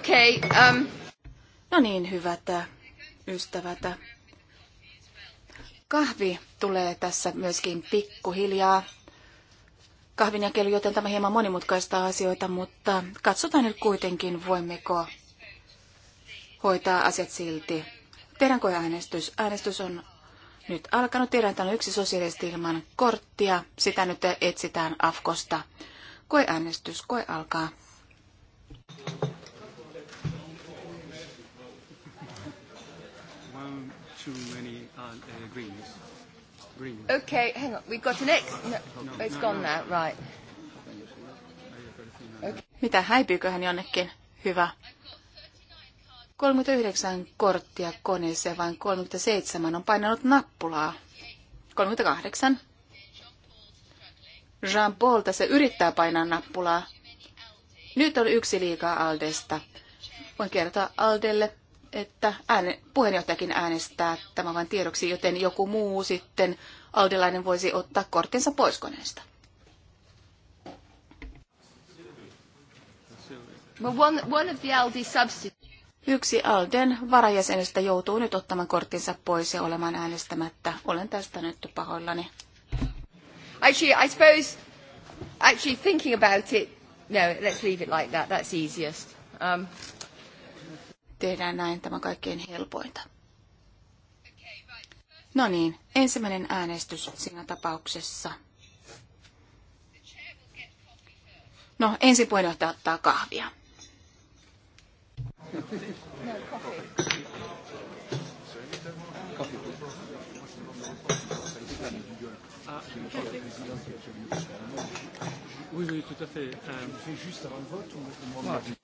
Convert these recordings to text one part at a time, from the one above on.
Okay, um... No niin, hyvät äh, ystävät. Kahvi tulee tässä myöskin pikkuhiljaa. Kahvin jakelu, joten tämä hieman monimutkaista asioita, mutta katsotaan nyt kuitenkin, voimmeko hoitaa asiat silti. Tehdäänkö äänestys? Äänestys on nyt alkanut. Tiedän, että on yksi sosiaalisesti ilman korttia. Sitä nyt etsitään Afkosta. äänestys, koe alkaa. too many uh, greens. Green. Okay, hang on. We've got an X. No, no it's no, gone no. now, right. Okay. Mitä, häipyykö hän jonnekin? Hyvä. 39 korttia koneeseen, vain 37 on painanut nappulaa. 38. Jean-Paul tässä yrittää painaa nappulaa. Nyt on yksi liikaa Aldesta. Voin kertoa Aldelle, että ääne, puheenjohtajakin äänestää tämä vain tiedoksi, joten joku muu sitten Aldelainen voisi ottaa korttinsa pois koneesta. Yksi Alden varajäsenestä joutuu nyt ottamaan korttinsa pois ja olemaan äänestämättä. Olen tästä nyt pahoillani. Actually, I suppose, actually thinking about it, no, let's leave it like that, that's easiest. Um, tehdään näin tämä kaikkein helpointa. No niin, ensimmäinen äänestys siinä tapauksessa. No, ensin puheenjohtaja ottaa kahvia. Oui, oui, tout à fait. Euh... On juste avant le vote ou...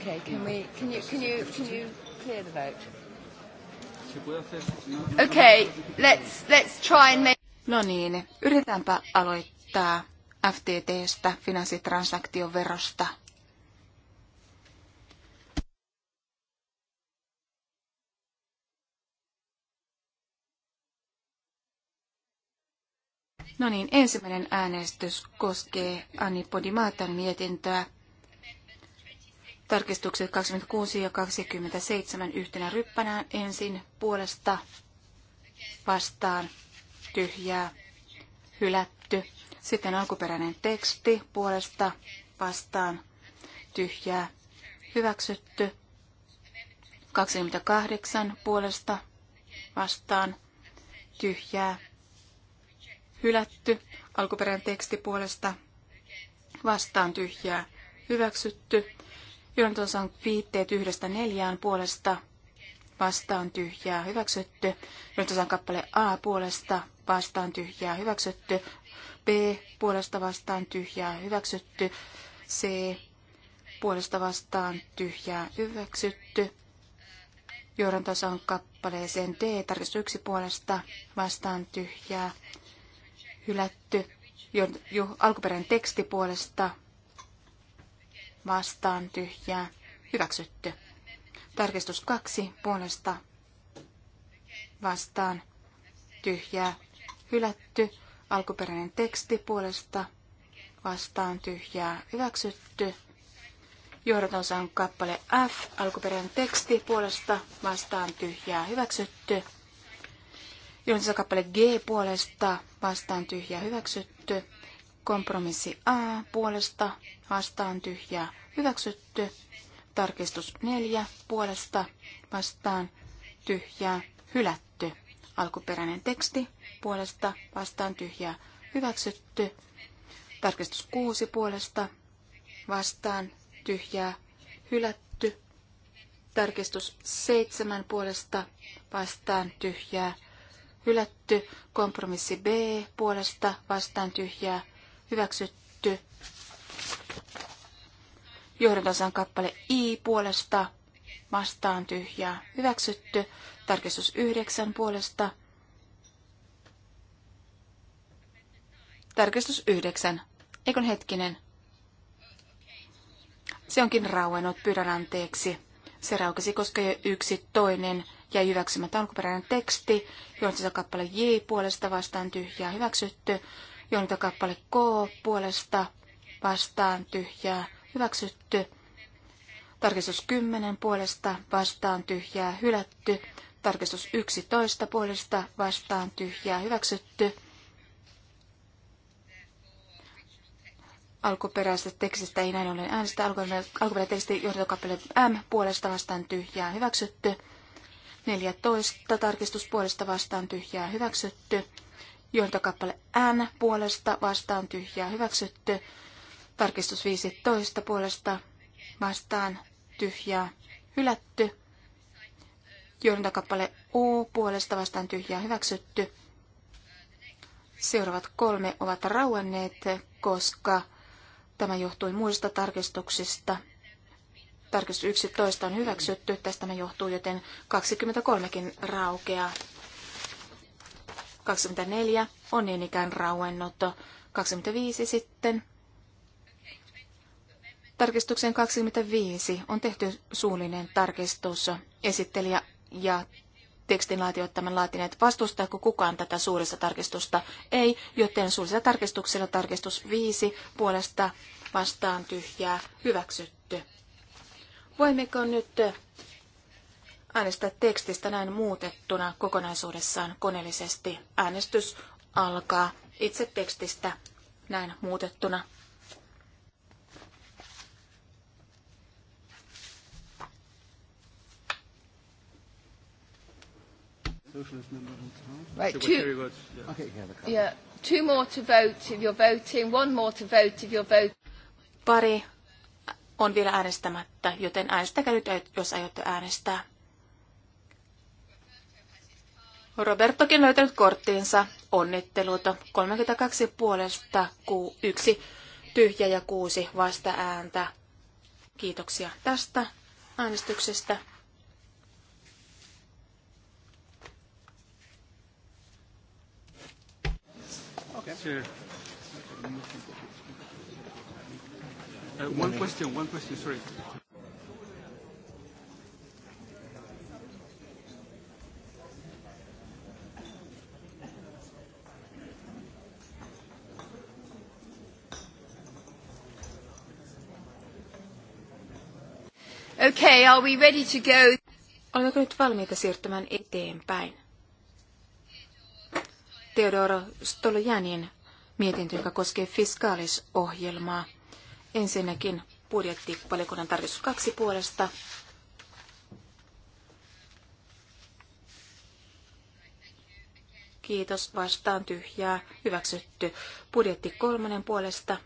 Okay, can we, can you, can you, can you clear the vote? Okay, let's, let's try and make... No niin, yritetäänpä aloittaa FTTstä, finanssitransaktioverosta. No niin, ensimmäinen äänestys koskee Anni Podimaatan mietintöä Tarkistukset 26 ja 27 yhtenä ryppänään ensin puolesta vastaan tyhjää hylätty. Sitten alkuperäinen teksti puolesta vastaan tyhjää hyväksytty. 28 puolesta vastaan tyhjää hylätty. Alkuperäinen teksti puolesta vastaan tyhjää hyväksytty. Johdantonsa on viitteet yhdestä neljään puolesta vastaan tyhjää hyväksytty. Johdantonsa kappale A puolesta vastaan tyhjää hyväksytty. B puolesta vastaan tyhjää hyväksytty. C puolesta vastaan tyhjää hyväksytty. Johdantonsa on kappaleeseen D tarkistus yksi puolesta vastaan tyhjää hylätty. Jo, jo alkuperäinen teksti puolesta vastaan tyhjää hyväksytty. Tarkistus kaksi puolesta vastaan tyhjää hylätty. Alkuperäinen teksti puolesta vastaan tyhjää hyväksytty. Johdatonsa on kappale F, alkuperäinen teksti puolesta vastaan tyhjää hyväksytty. Johdatonsa kappale G puolesta vastaan tyhjää hyväksytty. Kompromissi A puolesta vastaan tyhjää hyväksytty. Tarkistus 4 puolesta vastaan tyhjää hylätty. Alkuperäinen teksti puolesta vastaan tyhjää hyväksytty. Tarkistus 6 puolesta vastaan tyhjää hylätty. Tarkistus 7 puolesta vastaan tyhjää hylätty. Kompromissi B puolesta vastaan tyhjää hyväksytty. Johdantosan kappale I puolesta vastaan tyhjää hyväksytty. Tarkistus 9 puolesta. Tarkistus 9. Eikon hetkinen. Se onkin rauennut, pyydän anteeksi. Se raukesi, koska jo yksi toinen jäi hyväksymättä alkuperäinen teksti, johon kappale J puolesta vastaan tyhjää hyväksytty, kappale K puolesta vastaan tyhjää hyväksytty. Tarkistus 10 puolesta vastaan tyhjää hylätty. Tarkistus 11 puolesta vastaan tyhjää hyväksytty. Alkuperäisestä tekstistä ei näin ollen äänestä. Alkuperäinen teksti johdantokappale M puolesta vastaan tyhjää hyväksytty. 14 tarkistus puolesta vastaan tyhjää hyväksytty. Johtokappale N puolesta vastaan tyhjää hyväksytty. Tarkistus 15 puolesta vastaan tyhjää hylätty. Johtokappale U puolesta vastaan tyhjää hyväksytty. Seuraavat kolme ovat rauenneet, koska tämä johtui muista tarkistuksista. Tarkistus 11 on hyväksytty, tästä me johtuu, joten 23kin raukeaa. 24 on niin ikään rauennut. 25 sitten. Tarkistuksen 25 on tehty suullinen tarkistus. Esittelijä ja tekstinlaatiot tämän laatineet. Vastustaako kukaan tätä suurista tarkistusta? Ei, joten suullisella tarkistuksella tarkistus 5 puolesta vastaan tyhjää hyväksytty. Voimmeko nyt äänestää tekstistä näin muutettuna kokonaisuudessaan koneellisesti. Äänestys alkaa itse tekstistä näin muutettuna. Right, two, yeah, two more to vote if you're voting, one more to vote if you're voting. Pari on vielä äänestämättä, joten äänestäkää nyt, jos aiotte äänestää. Robertokin löytänyt korttiinsa. Onnittelut. 32 puolesta, q 1 tyhjä ja 6 vasta ääntä. Kiitoksia tästä äänestyksestä. Okay. Uh, one question, one question, sorry. Okay, are we ready to go? Olemmeko nyt valmiita siirtymään eteenpäin? Teodoro Stolojanin mietintö, joka koskee fiskaalisohjelmaa. Ensinnäkin budjettivaliokunnan tarkistus kaksi puolesta. Kiitos, vastaan tyhjää, hyväksytty. Budjetti kolmannen puolesta,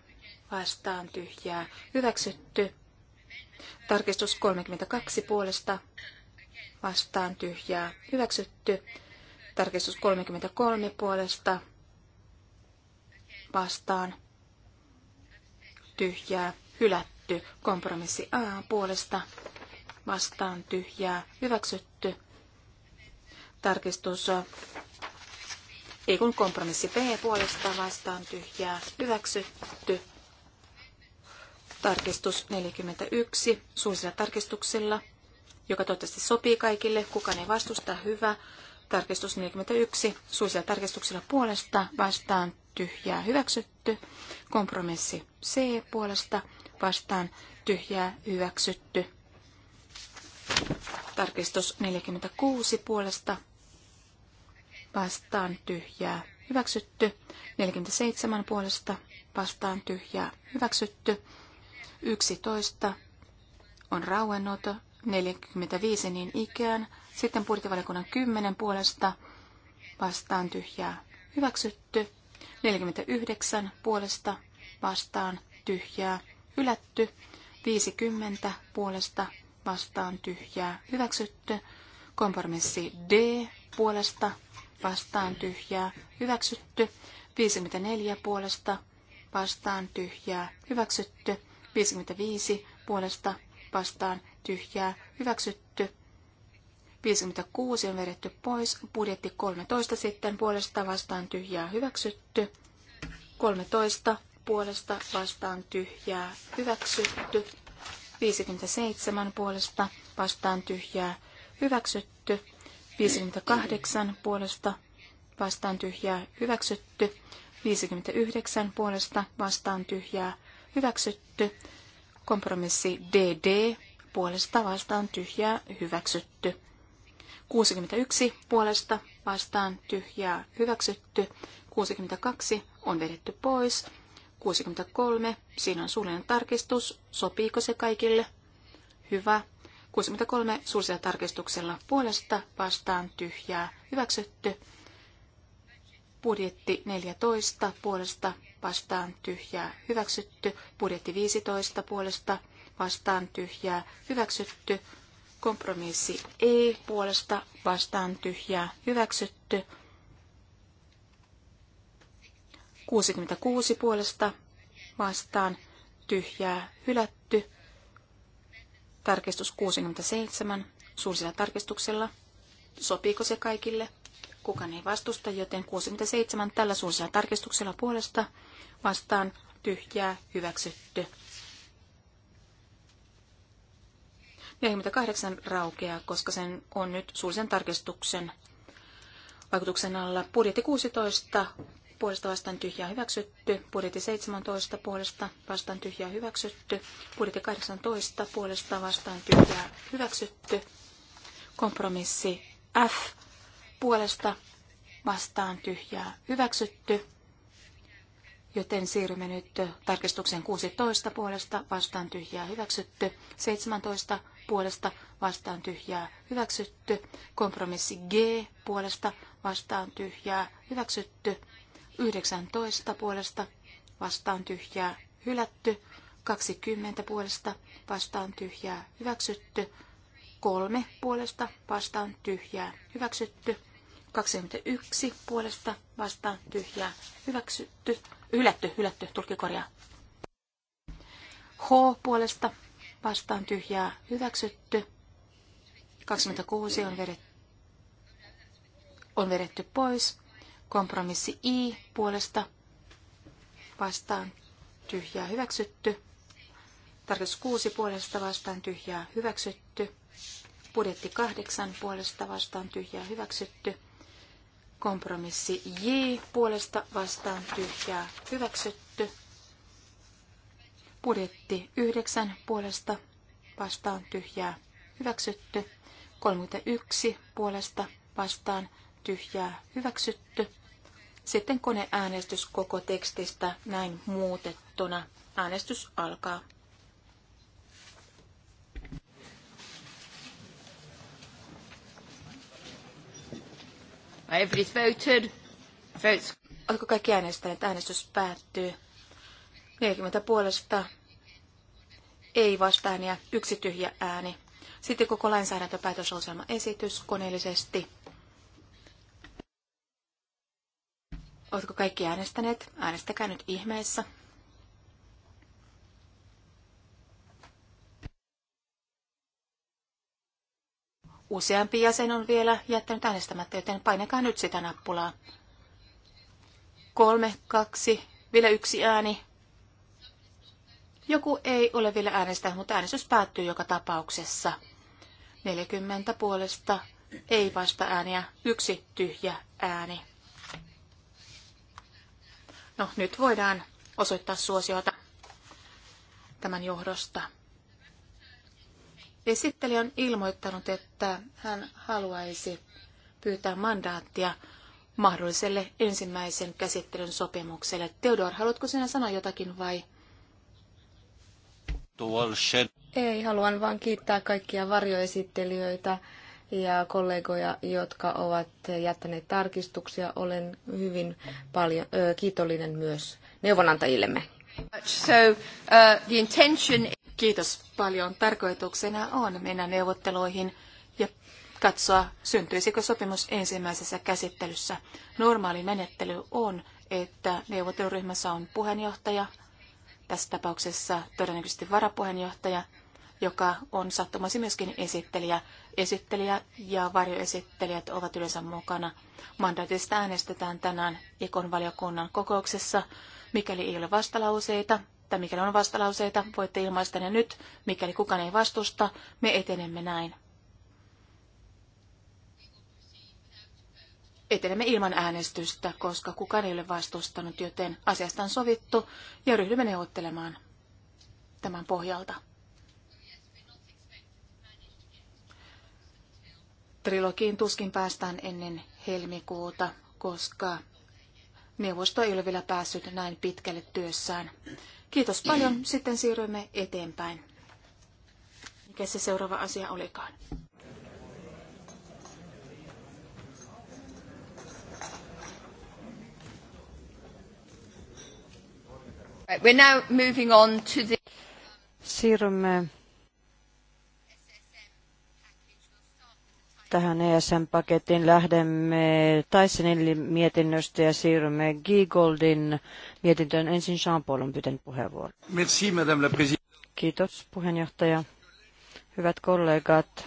vastaan tyhjää, hyväksytty. Tarkistus 32 puolesta vastaan tyhjää hyväksytty. Tarkistus 33 puolesta vastaan tyhjää hylätty. Kompromissi A puolesta vastaan tyhjää hyväksytty. Tarkistus ei kun kompromissi B puolesta vastaan tyhjää hyväksytty. Tarkistus 41 suullisella tarkistuksella, joka toivottavasti sopii kaikille. Kukaan ei vastusta. Hyvä. Tarkistus 41 suullisella tarkistuksella puolesta vastaan tyhjää hyväksytty. Kompromissi C puolesta vastaan tyhjää hyväksytty. Tarkistus 46 puolesta vastaan tyhjää hyväksytty. 47 puolesta vastaan tyhjää hyväksytty. 11 on rauennut, 45 niin ikään. Sitten budjettivaliokunnan 10 puolesta vastaan tyhjää hyväksytty. 49 puolesta vastaan tyhjää hylätty. 50 puolesta vastaan tyhjää hyväksytty. Kompromissi D puolesta vastaan tyhjää hyväksytty. 54 puolesta vastaan tyhjää hyväksytty. 55 puolesta vastaan tyhjää hyväksytty. 56 on vedetty pois. Budjetti 13 sitten puolesta vastaan tyhjää hyväksytty. 13 puolesta vastaan tyhjää hyväksytty. 57 puolesta vastaan tyhjää hyväksytty. 58 puolesta vastaan tyhjää hyväksytty. 59 puolesta vastaan tyhjää hyväksytty. Kompromissi DD puolesta vastaan tyhjää hyväksytty. 61 puolesta vastaan tyhjää hyväksytty. 62 on vedetty pois. 63, siinä on suullinen tarkistus. Sopiiko se kaikille? Hyvä. 63 suullisella tarkistuksella puolesta vastaan tyhjää hyväksytty. Budjetti 14 puolesta vastaan tyhjää hyväksytty. Budjetti 15 puolesta vastaan tyhjää hyväksytty. Kompromissi ei puolesta vastaan tyhjää hyväksytty. 66 puolesta vastaan tyhjää hylätty. Tarkistus 67 suullisella tarkistuksella. Sopiiko se kaikille? Kukaan ei vastusta, joten 67 tällä suullisella tarkistuksella puolesta vastaan tyhjää hyväksytty. 48 raukeaa, koska sen on nyt suullisen tarkistuksen vaikutuksen alla. Budjetti 16 puolesta vastaan tyhjää hyväksytty, budjetti 17 puolesta vastaan tyhjää hyväksytty, budjetti 18 puolesta vastaan tyhjää hyväksytty, kompromissi F puolesta vastaan tyhjää hyväksytty. Joten siirrymme nyt tarkistuksen 16 puolesta vastaan tyhjää hyväksytty, 17 puolesta vastaan tyhjää hyväksytty, kompromissi G puolesta vastaan tyhjää hyväksytty, 19 puolesta vastaan tyhjää hylätty, 20 puolesta vastaan tyhjää hyväksytty, 3 puolesta vastaan tyhjää hyväksytty, 21 puolesta vastaan tyhjää hyväksytty, hylätty, hylätty, korjaa. H puolesta vastaan tyhjää hyväksytty. 26 on vedetty, on vedetty pois. Kompromissi I puolesta vastaan tyhjää hyväksytty. Tarkoitus 6 puolesta vastaan tyhjää hyväksytty. Budjetti 8 puolesta vastaan tyhjää hyväksytty. Kompromissi J puolesta vastaan tyhjää hyväksytty. Budjetti 9 puolesta vastaan tyhjää hyväksytty. 31 puolesta vastaan tyhjää hyväksytty. Sitten koneäänestys koko tekstistä näin muutettuna. Äänestys alkaa. Everybody's voted. Votes. Oletko kaikki äänestäneet? Äänestys päättyy. 40 puolesta. Ei vastaania. Yksi tyhjä ääni. Sitten koko lainsäädäntöpäätösohjelma esitys koneellisesti. Oletko kaikki äänestäneet? Äänestäkää nyt ihmeessä. Useampi jäsen on vielä jättänyt äänestämättä, joten painakaa nyt sitä nappulaa. Kolme, kaksi, vielä yksi ääni. Joku ei ole vielä äänestänyt, mutta äänestys päättyy joka tapauksessa. 40 puolesta ei vasta ääniä, yksi tyhjä ääni. No, nyt voidaan osoittaa suosiota tämän johdosta. Esittelijä on ilmoittanut, että hän haluaisi pyytää mandaattia mahdolliselle ensimmäisen käsittelyn sopimukselle. Theodor, haluatko sinä sanoa jotakin vai? Ei, haluan vain kiittää kaikkia varjoesittelijöitä ja kollegoja, jotka ovat jättäneet tarkistuksia. Olen hyvin paljon ö, kiitollinen myös neuvonantajillemme. So, uh, the intention... Kiitos paljon. Tarkoituksena on mennä neuvotteluihin ja katsoa, syntyisikö sopimus ensimmäisessä käsittelyssä. Normaali menettely on, että neuvotteluryhmässä on puheenjohtaja, tässä tapauksessa todennäköisesti varapuheenjohtaja, joka on sattumasi myöskin esittelijä. Esittelijä ja varjoesittelijät ovat yleensä mukana. Mandaatista äänestetään tänään Ekon valiokunnan kokouksessa. Mikäli ei ole vastalauseita, että mikäli on vastalauseita, voitte ilmaista ne nyt. Mikäli kukaan ei vastusta, me etenemme näin. Etenemme ilman äänestystä, koska kukaan ei ole vastustanut, joten asiasta on sovittu ja ryhdymme neuvottelemaan tämän pohjalta. Trilogiin tuskin päästään ennen helmikuuta, koska neuvosto ei ole vielä päässyt näin pitkälle työssään. Kiitos paljon. Sitten siirrymme eteenpäin. Mikä se seuraava asia olikaan? We're now moving on to the... Siirrymme tähän ESM-pakettiin. Lähdemme Tysonin mietinnöstä ja siirrymme Giegoldin mietintöön. Ensin Jean-Paul on pyytänyt puheenvuoron. Merci, madame la Kiitos puheenjohtaja. Hyvät kollegat,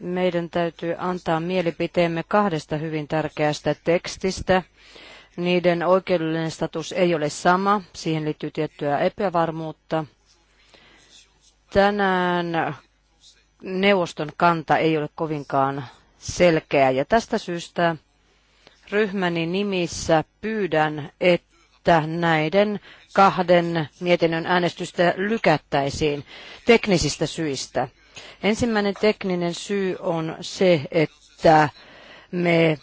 meidän täytyy antaa mielipiteemme kahdesta hyvin tärkeästä tekstistä. Niiden oikeudellinen status ei ole sama, siihen liittyy tiettyä epävarmuutta. Tänään neuvoston kanta ei ole kovinkaan selkeä ja tästä syystä ryhmäni nimissä pyydän, että että näiden kahden mietinnön äänestystä lykättäisiin teknisistä syistä. Ensimmäinen tekninen syy on se, että me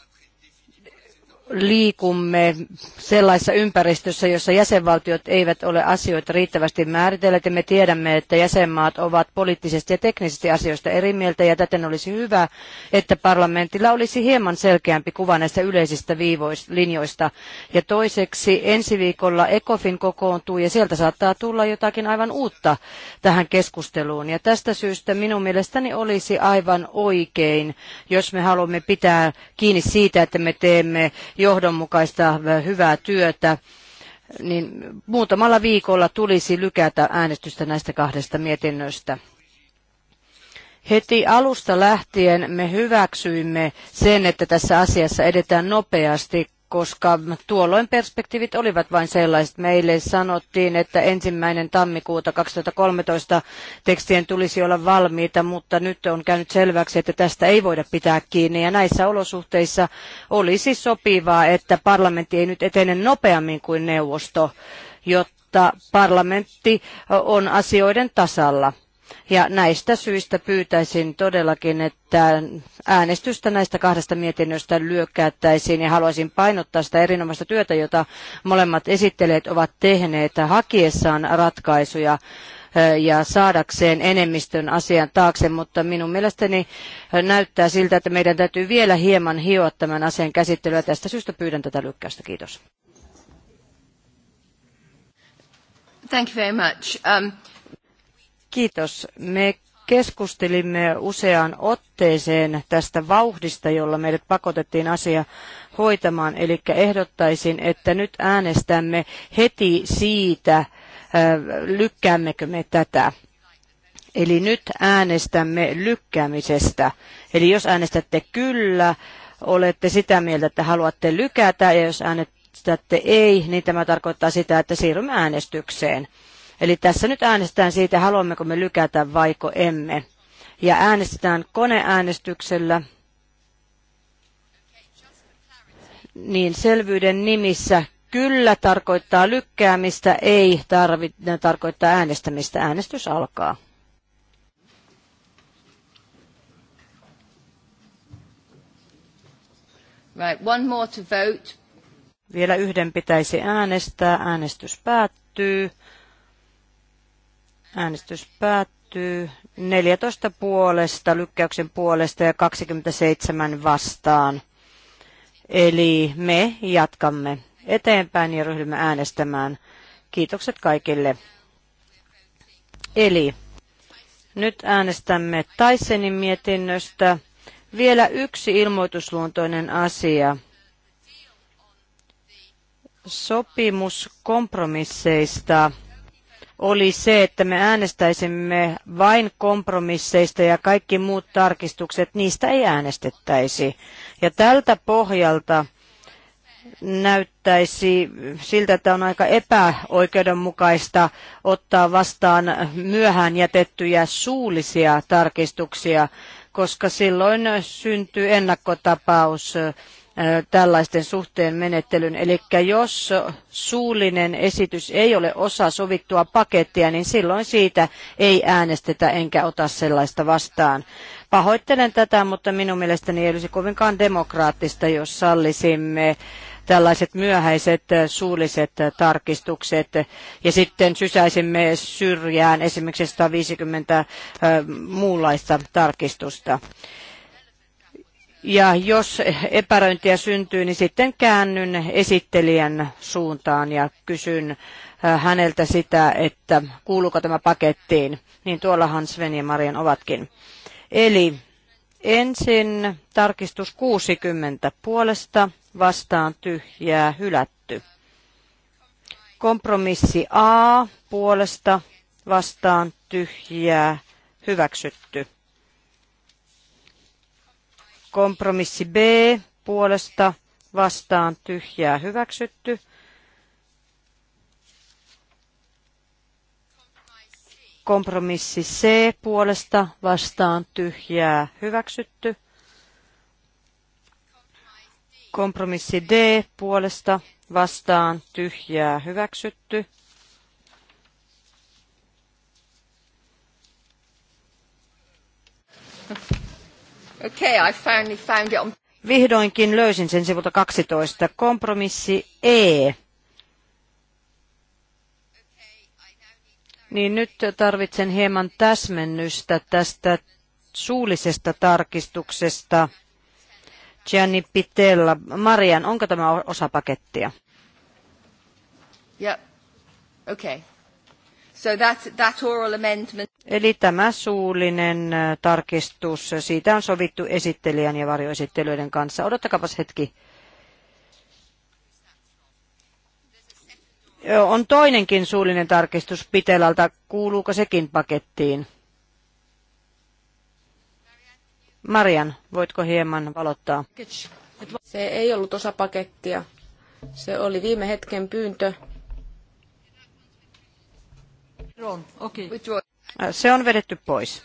liikumme sellaisessa ympäristössä, jossa jäsenvaltiot eivät ole asioita riittävästi määritelleet ja me tiedämme, että jäsenmaat ovat poliittisesti ja teknisesti asioista eri mieltä ja täten olisi hyvä, että parlamentilla olisi hieman selkeämpi kuva näistä yleisistä viivoista, linjoista. Ja toiseksi ensi viikolla ECOFIN kokoontuu ja sieltä saattaa tulla jotakin aivan uutta tähän keskusteluun. Ja tästä syystä minun mielestäni olisi aivan oikein, jos me haluamme pitää kiinni siitä, että me teemme johdonmukaista äh, hyvää työtä, niin muutamalla viikolla tulisi lykätä äänestystä näistä kahdesta mietinnöstä. Heti alusta lähtien me hyväksyimme sen, että tässä asiassa edetään nopeasti, koska tuolloin perspektiivit olivat vain sellaiset. Meille sanottiin, että ensimmäinen tammikuuta 2013 tekstien tulisi olla valmiita, mutta nyt on käynyt selväksi, että tästä ei voida pitää kiinni. Ja näissä olosuhteissa olisi sopivaa, että parlamentti ei nyt etene nopeammin kuin neuvosto, jotta parlamentti on asioiden tasalla ja näistä syistä pyytäisin todellakin, että äänestystä näistä kahdesta mietinnöstä lyökkäättäisiin ja haluaisin painottaa sitä erinomaista työtä, jota molemmat esittelijät ovat tehneet hakiessaan ratkaisuja ja saadakseen enemmistön asian taakse, mutta minun mielestäni näyttää siltä, että meidän täytyy vielä hieman hioa tämän asian käsittelyä. Tästä syystä pyydän tätä lykkäystä. Kiitos. Thank you very much. Um... Kiitos. Me keskustelimme useaan otteeseen tästä vauhdista, jolla meidät pakotettiin asia hoitamaan. Eli ehdottaisin, että nyt äänestämme heti siitä, äh, lykkäämmekö me tätä. Eli nyt äänestämme lykkäämisestä. Eli jos äänestätte kyllä, olette sitä mieltä, että haluatte lykätä, ja jos äänestätte ei, niin tämä tarkoittaa sitä, että siirrymme äänestykseen. Eli tässä nyt äänestetään siitä, haluammeko me lykätä vaiko emme. Ja äänestetään koneäänestyksellä. Niin selvyyden nimissä kyllä tarkoittaa lykkäämistä, ei tarvi, tarkoittaa äänestämistä. Äänestys alkaa. Right, one more to vote. Vielä yhden pitäisi äänestää. Äänestys päättyy. Äänestys päättyy 14 puolesta, lykkäyksen puolesta ja 27 vastaan. Eli me jatkamme eteenpäin ja ryhdymme äänestämään. Kiitokset kaikille. Eli nyt äänestämme Taisenin mietinnöstä. Vielä yksi ilmoitusluontoinen asia. Sopimus kompromisseista oli se, että me äänestäisimme vain kompromisseista ja kaikki muut tarkistukset, niistä ei äänestettäisi. Ja tältä pohjalta näyttäisi siltä, että on aika epäoikeudenmukaista ottaa vastaan myöhään jätettyjä suullisia tarkistuksia, koska silloin syntyy ennakkotapaus tällaisten suhteen menettelyn. Eli jos suullinen esitys ei ole osa sovittua pakettia, niin silloin siitä ei äänestetä enkä ota sellaista vastaan. Pahoittelen tätä, mutta minun mielestäni ei olisi kovinkaan demokraattista, jos sallisimme tällaiset myöhäiset suulliset tarkistukset ja sitten sysäisimme syrjään esimerkiksi 150 muunlaista tarkistusta. Ja jos epäröintiä syntyy, niin sitten käännyn esittelijän suuntaan ja kysyn äh, häneltä sitä, että kuuluuko tämä pakettiin. Niin tuollahan Sven ja Marian ovatkin. Eli ensin tarkistus 60 puolesta vastaan tyhjää hylätty. Kompromissi A puolesta vastaan tyhjää hyväksytty. Kompromissi B puolesta vastaan tyhjää hyväksytty. Kompromissi C puolesta vastaan tyhjää hyväksytty. Kompromissi D puolesta vastaan tyhjää hyväksytty. Okay, I finally found it on... Vihdoinkin löysin sen sivulta 12. Kompromissi E. Niin nyt tarvitsen hieman täsmennystä tästä suullisesta tarkistuksesta. Gianni Pitella. Marian, onko tämä osa pakettia? Yeah. Okay. So that oral amendment. Eli tämä suullinen tarkistus, siitä on sovittu esittelijän ja varjoesittelyiden kanssa. Odottakapas hetki. On toinenkin suullinen tarkistus Pitelältä. Kuuluuko sekin pakettiin? Marian, voitko hieman valottaa? Se ei ollut osa pakettia. Se oli viime hetken pyyntö Äh, se on vedetty pois.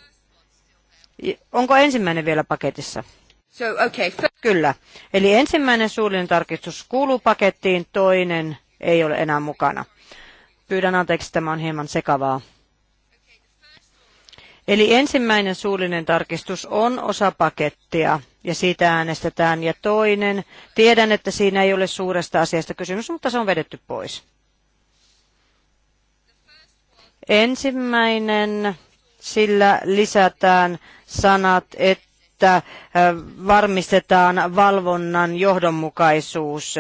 Onko ensimmäinen vielä paketissa? So, okay. Kyllä. Eli ensimmäinen suullinen tarkistus kuuluu pakettiin, toinen ei ole enää mukana. Pyydän anteeksi, tämä on hieman sekavaa. Eli ensimmäinen suullinen tarkistus on osa pakettia ja siitä äänestetään. Ja toinen, tiedän, että siinä ei ole suuresta asiasta kysymys, mutta se on vedetty pois. Ensimmäinen, sillä lisätään sanat, että äh, varmistetaan valvonnan johdonmukaisuus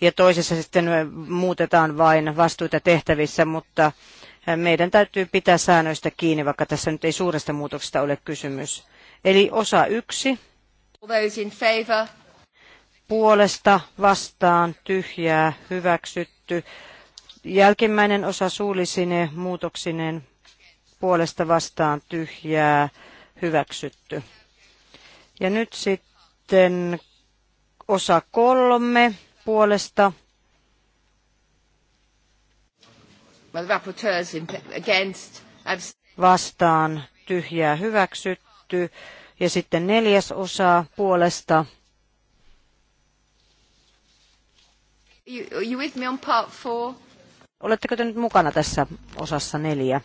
ja toisessa sitten äh, muutetaan vain vastuita tehtävissä, mutta äh, meidän täytyy pitää säännöistä kiinni, vaikka tässä nyt ei suuresta muutoksesta ole kysymys. Eli osa yksi. Puolesta vastaan tyhjää hyväksytty. Jälkimmäinen osa suullisine muutoksineen puolesta vastaan tyhjää hyväksytty. Ja nyt sitten osa kolme puolesta. Vastaan tyhjää hyväksytty. Ja sitten neljäs osa puolesta. You, you with me on part four? Oletteko te nyt mukana tässä osassa neljä?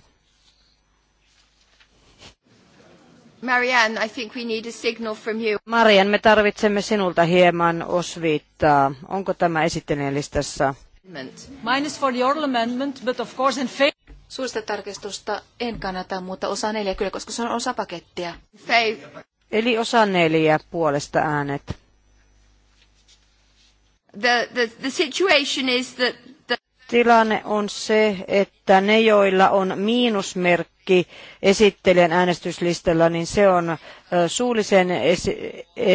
Marianne, I think we need a signal from you. Marianne, me tarvitsemme sinulta hieman osviittaa. Onko tämä esittelijän listassa? Minus for your amendment, but of course in favor. Suurista tarkistusta en kannata, mutta osa neljä kyllä, koska se on osa pakettia. Eli osa neljä puolesta äänet. The, the, the situation is that tilanne on se, että ne, joilla on miinusmerkki esittelijän äänestyslistalla, niin se on suullisen esi- e,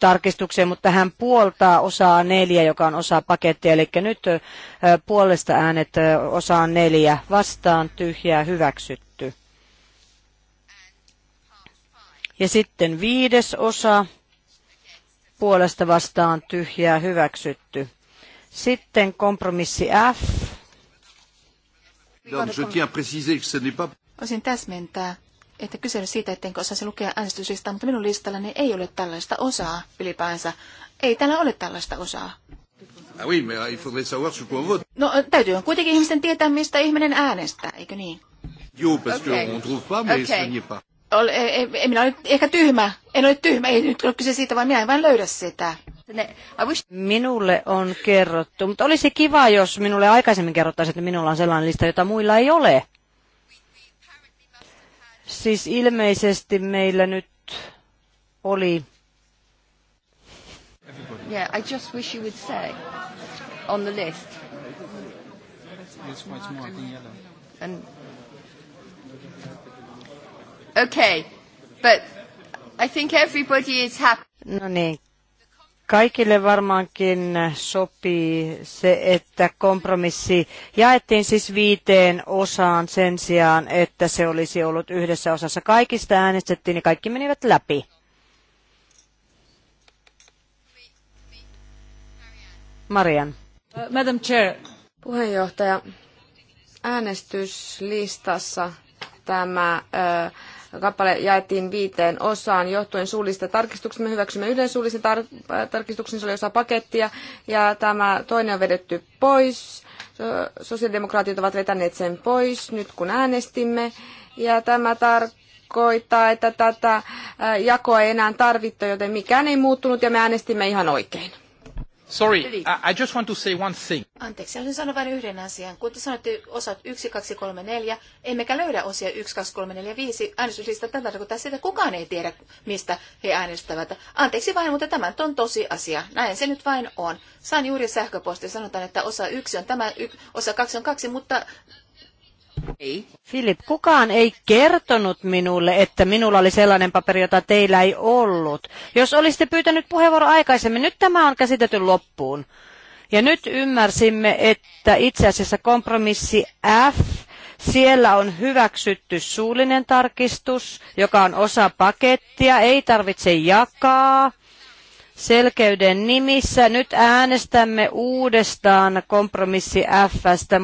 tarkistukseen, mutta hän puoltaa osaa neljä, joka on osa pakettia. Eli nyt puolesta äänet osaan neljä vastaan tyhjää hyväksytty. Ja sitten viides osa puolesta vastaan tyhjää hyväksytty. Sitten kompromissi F. Voisin täsmentää, että kyse on siitä, ettenkö osaisi lukea äänestyslistaa, mutta minun listallani ei ole tällaista osaa ylipäänsä. Ei täällä ole tällaista osaa. Ah euh, no täytyy kuitenkin ihmisten tietää, mistä ihminen äänestää, eikö niin? Joo, parce okay. on trouve pas, mais okay. ce n'est pas. Ol, ei, ei, minä olen ehkä tyhmä. En ole tyhmä, ei nyt ole kyse siitä, vaan minä en vain löydä sitä. Minulle on kerrottu, mutta olisi kiva, jos minulle aikaisemmin kerrottaisiin, että minulla on sellainen lista, jota muilla ei ole. Siis ilmeisesti meillä nyt oli... Yeah, I just wish you would say on the list. And okay, but I think everybody is happy. No niin, Kaikille varmaankin sopii se, että kompromissi jaettiin siis viiteen osaan sen sijaan, että se olisi ollut yhdessä osassa. Kaikista äänestettiin ja kaikki menivät läpi. Marian. Uh, Madam Chair. Puheenjohtaja, äänestyslistassa tämä... Ö, uh, kappale jaettiin viiteen osaan johtuen suullista tarkistuksesta. Me hyväksymme yhden suullisen tar- tarkistuksen, se oli osa pakettia, ja tämä toinen on vedetty pois. Sosiaalidemokraatit ovat vetäneet sen pois nyt kun äänestimme, ja tämä tarkoittaa, että tätä jakoa ei enää tarvittu, joten mikään ei muuttunut ja me äänestimme ihan oikein. Sorry, I just want to say one thing. Anteeksi, haluaisin sanoa vain yhden asian. Kun te sanoitte osat 1, 2, 3, 4, emmekä löydä osia 1, 2, 3, 4, 5 äänestyslista. Tätä tarkoittaa sitä, että kukaan ei tiedä, mistä he äänestävät. Anteeksi vain, mutta tämä on tosi asia. Näin se nyt vain on. Sain juuri sähköpostia, sanotaan, että osa 1 on tämä, osa 2 on 2, mutta ei. Filip, kukaan ei kertonut minulle, että minulla oli sellainen paperi, jota teillä ei ollut. Jos olisitte pyytänyt puheenvuoro aikaisemmin, nyt tämä on käsitetty loppuun. Ja nyt ymmärsimme, että itse asiassa kompromissi F, siellä on hyväksytty suullinen tarkistus, joka on osa pakettia, ei tarvitse jakaa selkeyden nimissä. Nyt äänestämme uudestaan kompromissi Fstä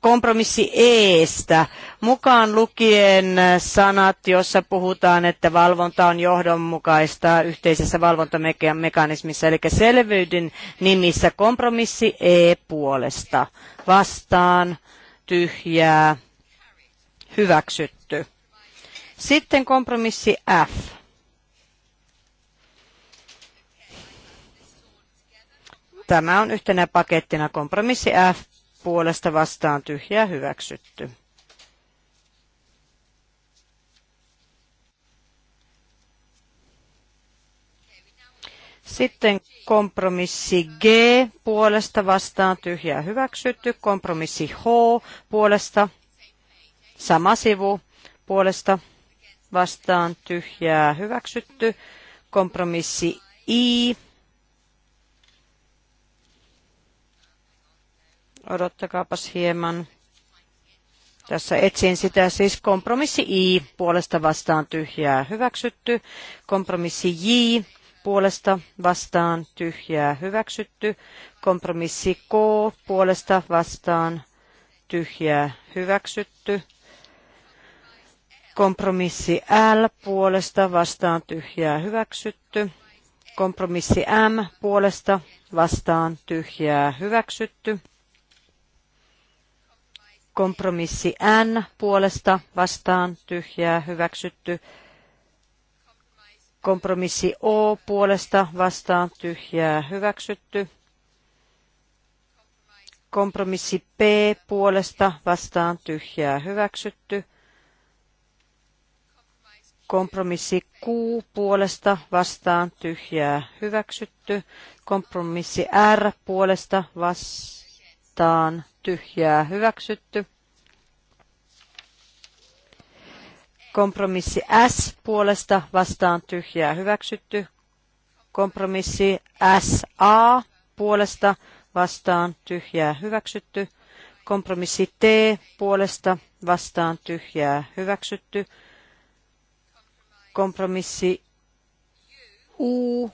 kompromissi eestä, mukaan lukien sanat, joissa puhutaan, että valvonta on johdonmukaista yhteisessä valvontamekanismissa, eli selvyyden nimissä kompromissi e puolesta. Vastaan, tyhjää, hyväksytty. Sitten kompromissi F. Tämä on yhtenä pakettina kompromissi F puolesta vastaan tyhjää hyväksytty. Sitten kompromissi G puolesta vastaan tyhjää hyväksytty. Kompromissi H puolesta sama sivu puolesta vastaan tyhjää hyväksytty. Kompromissi I Odottakaapas hieman. Tässä etsin sitä siis kompromissi I puolesta vastaan tyhjää hyväksytty. Kompromissi J puolesta vastaan tyhjää hyväksytty. Kompromissi K puolesta vastaan tyhjää hyväksytty. Kompromissi L puolesta vastaan tyhjää hyväksytty. Kompromissi M puolesta vastaan tyhjää hyväksytty. Kompromissi N puolesta vastaan tyhjää hyväksytty. Kompromissi O puolesta vastaan tyhjää hyväksytty. Kompromissi P puolesta vastaan tyhjää hyväksytty. Kompromissi Q puolesta vastaan tyhjää hyväksytty. Kompromissi R puolesta vastaan tyhjää hyväksytty. Kompromissi S puolesta vastaan tyhjää hyväksytty. Kompromissi SA puolesta vastaan tyhjää hyväksytty. Kompromissi T puolesta vastaan tyhjää hyväksytty. Kompromissi U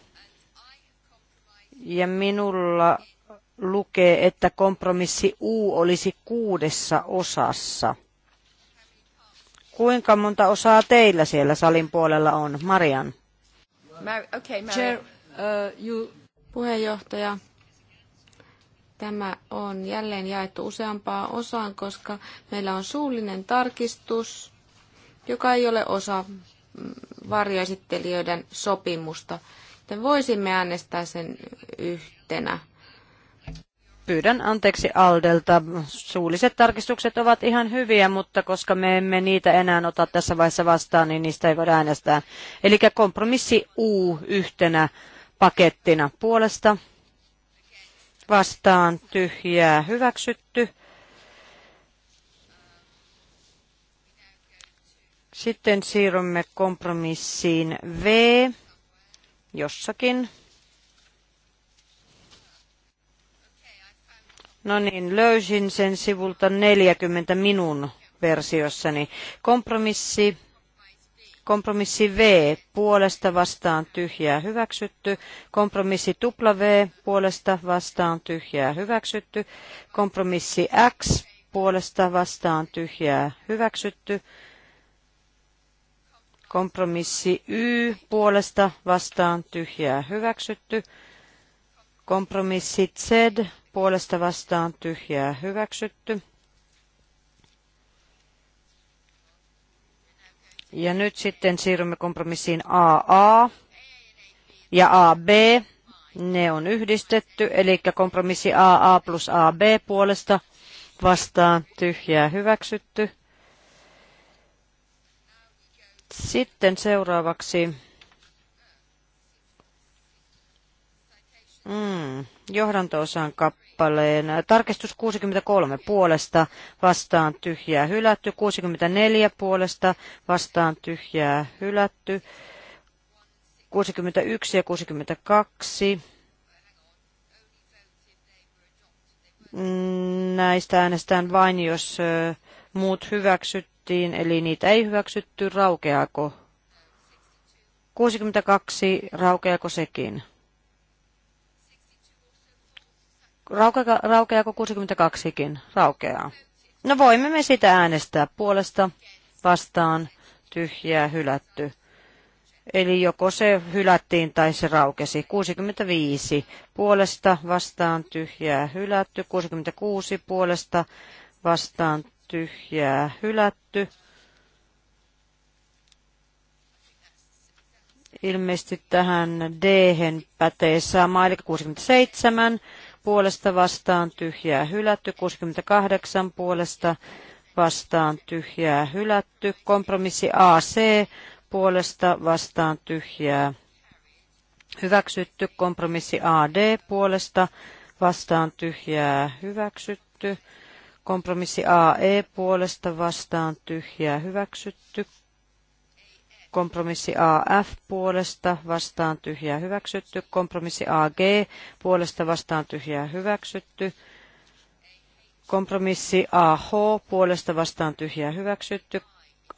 ja minulla lukee, että kompromissi U olisi kuudessa osassa. Kuinka monta osaa teillä siellä salin puolella on? Marian. Mar- okay, Mar- Chair, uh, you... Puheenjohtaja, tämä on jälleen jaettu useampaan osaan, koska meillä on suullinen tarkistus, joka ei ole osa mm, varjoesittelijöiden sopimusta. Joten voisimme äänestää sen yhtenä. Pyydän anteeksi Aldelta. Suulliset tarkistukset ovat ihan hyviä, mutta koska me emme niitä enää ota tässä vaiheessa vastaan, niin niistä ei voida äänestää. Eli kompromissi U yhtenä pakettina puolesta vastaan tyhjää hyväksytty. Sitten siirrymme kompromissiin V jossakin. No niin, löysin sen sivulta 40 minun versiossani. Kompromissi, kompromissi V, puolesta vastaan tyhjää hyväksytty. Kompromissi W, puolesta vastaan tyhjää hyväksytty. Kompromissi X, puolesta vastaan tyhjää hyväksytty. Kompromissi Y, puolesta vastaan tyhjää hyväksytty. Kompromissi Z, puolesta vastaan tyhjää hyväksytty. Ja nyt sitten siirrymme kompromissiin AA ja AB. Ne on yhdistetty, eli kompromissi AA plus AB puolesta vastaan tyhjää hyväksytty. Sitten seuraavaksi mm, johdanto-osan kappale kappaleen. Tarkistus 63 puolesta vastaan tyhjää hylätty. 64 puolesta vastaan tyhjää hylätty. 61 ja 62. Näistä äänestään vain, jos muut hyväksyttiin, eli niitä ei hyväksytty. Raukeako? 62 raukeako sekin? Raukeako, raukeako 62kin? Raukeaa. No voimme me sitä äänestää puolesta, vastaan, tyhjää, hylätty. Eli joko se hylättiin tai se raukesi. 65 puolesta vastaan tyhjää hylätty. 66 puolesta vastaan tyhjää hylätty. Ilmeisesti tähän d pätee sama, eli 67 puolesta vastaan tyhjää hylätty, 68 puolesta vastaan tyhjää hylätty, kompromissi AC puolesta vastaan tyhjää hyväksytty, kompromissi AD puolesta vastaan tyhjää hyväksytty, kompromissi AE puolesta vastaan tyhjää hyväksytty, Kompromissi AF puolesta vastaan tyhjää hyväksytty. Kompromissi AG puolesta vastaan tyhjää hyväksytty. Kompromissi AH puolesta vastaan tyhjää hyväksytty.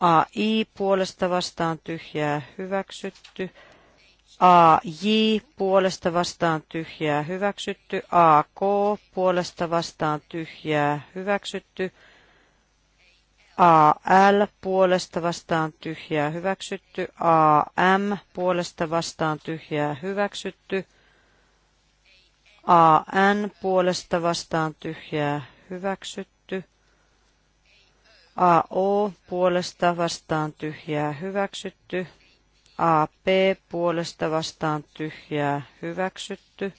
AI puolesta vastaan tyhjää hyväksytty. AJ puolesta vastaan tyhjää hyväksytty. AK puolesta vastaan tyhjää hyväksytty. AL puolesta vastaan tyhjää hyväksytty. AM puolesta vastaan tyhjää hyväksytty. AN puolesta vastaan tyhjää hyväksytty. AO puolesta vastaan tyhjää hyväksytty. AP puolesta vastaan tyhjää hyväksytty.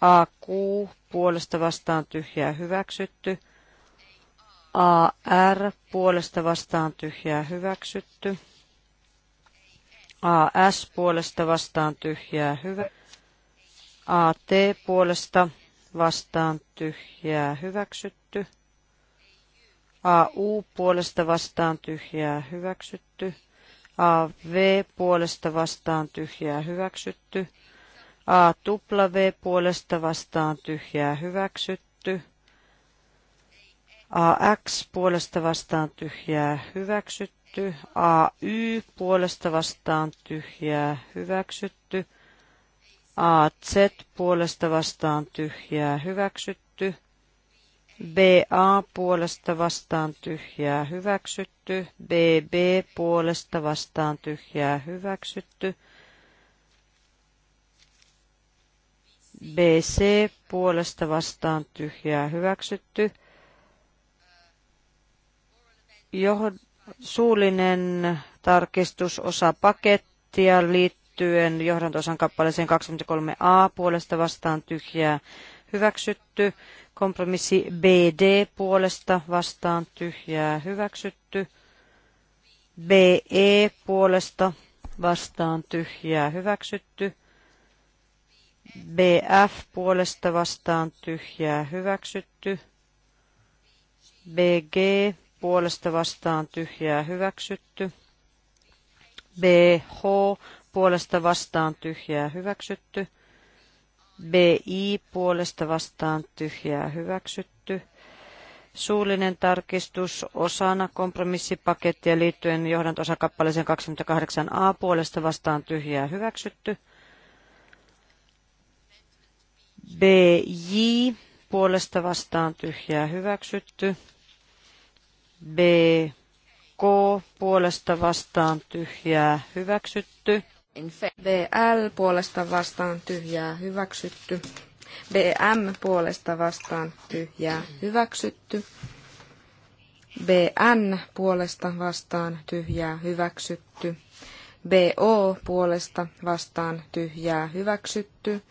AQ puolesta vastaan tyhjää hyväksytty. AR puolesta vastaan tyhjää hyväksytty. AS puolesta vastaan tyhjää hyvä. AT puolesta vastaan tyhjää hyväksytty. AU puolesta vastaan tyhjää hyväksytty. AV puolesta vastaan tyhjää hyväksytty. AW puolesta vastaan tyhjää hyväksytty. AX puolesta vastaan tyhjää hyväksytty. AY puolesta vastaan tyhjää hyväksytty. AZ puolesta vastaan tyhjää hyväksytty. BA puolesta vastaan tyhjää hyväksytty. BB puolesta vastaan tyhjää hyväksytty. BC puolesta vastaan tyhjää hyväksytty suullinen tarkistus osa pakettia liittyen johdantosan kappaleeseen 23a puolesta vastaan tyhjää hyväksytty. Kompromissi BD puolesta vastaan tyhjää hyväksytty. BE puolesta vastaan tyhjää hyväksytty. BF puolesta vastaan tyhjää hyväksytty. BG puolesta vastaan tyhjää hyväksytty. BH puolesta vastaan tyhjää hyväksytty. BI puolesta vastaan tyhjää hyväksytty. Suullinen tarkistus osana kompromissipakettia liittyen johdantosakappaleeseen 28a puolesta vastaan tyhjää hyväksytty. BJ puolesta vastaan tyhjää hyväksytty. B K puolesta vastaan tyhjää hyväksytty. BL puolesta vastaan tyhjää hyväksytty. BM puolesta vastaan tyhjää hyväksytty. BN puolesta vastaan tyhjää hyväksytty. BO puolesta vastaan tyhjää hyväksytty.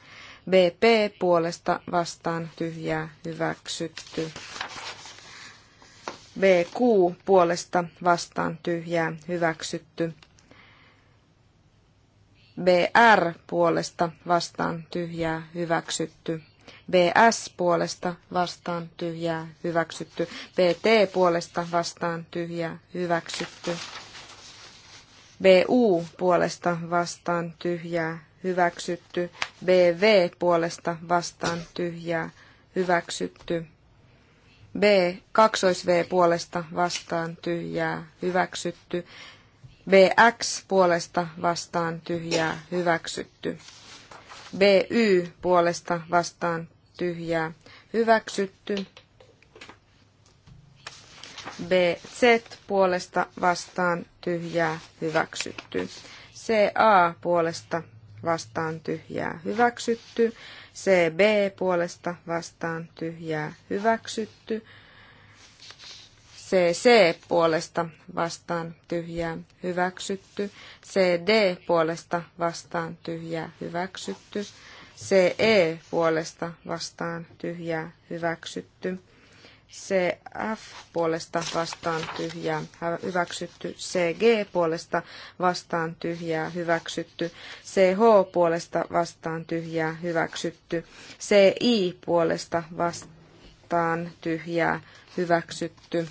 BP puolesta vastaan tyhjää hyväksytty. BQ puolesta vastaan tyhjää hyväksytty. BR puolesta vastaan tyhjää hyväksytty. BS puolesta vastaan tyhjää hyväksytty. BT puolesta vastaan tyhjää hyväksytty. BU puolesta vastaan tyhjää hyväksytty. BV puolesta vastaan tyhjää hyväksytty. B, 2V puolesta vastaan tyhjää, hyväksytty. BX puolesta vastaan tyhjää, hyväksytty. BY puolesta vastaan tyhjää, hyväksytty. BZ puolesta vastaan tyhjää, hyväksytty. CA puolesta vastaan tyhjää, hyväksytty. CB puolesta vastaan tyhjää hyväksytty. CC puolesta vastaan tyhjää hyväksytty. CD puolesta vastaan tyhjää hyväksytty. CE puolesta vastaan tyhjää hyväksytty. CF puolesta vastaan tyhjää hyväksytty, CG puolesta vastaan tyhjää hyväksytty, CH puolesta vastaan tyhjää hyväksytty, CI puolesta vastaan tyhjää hyväksytty.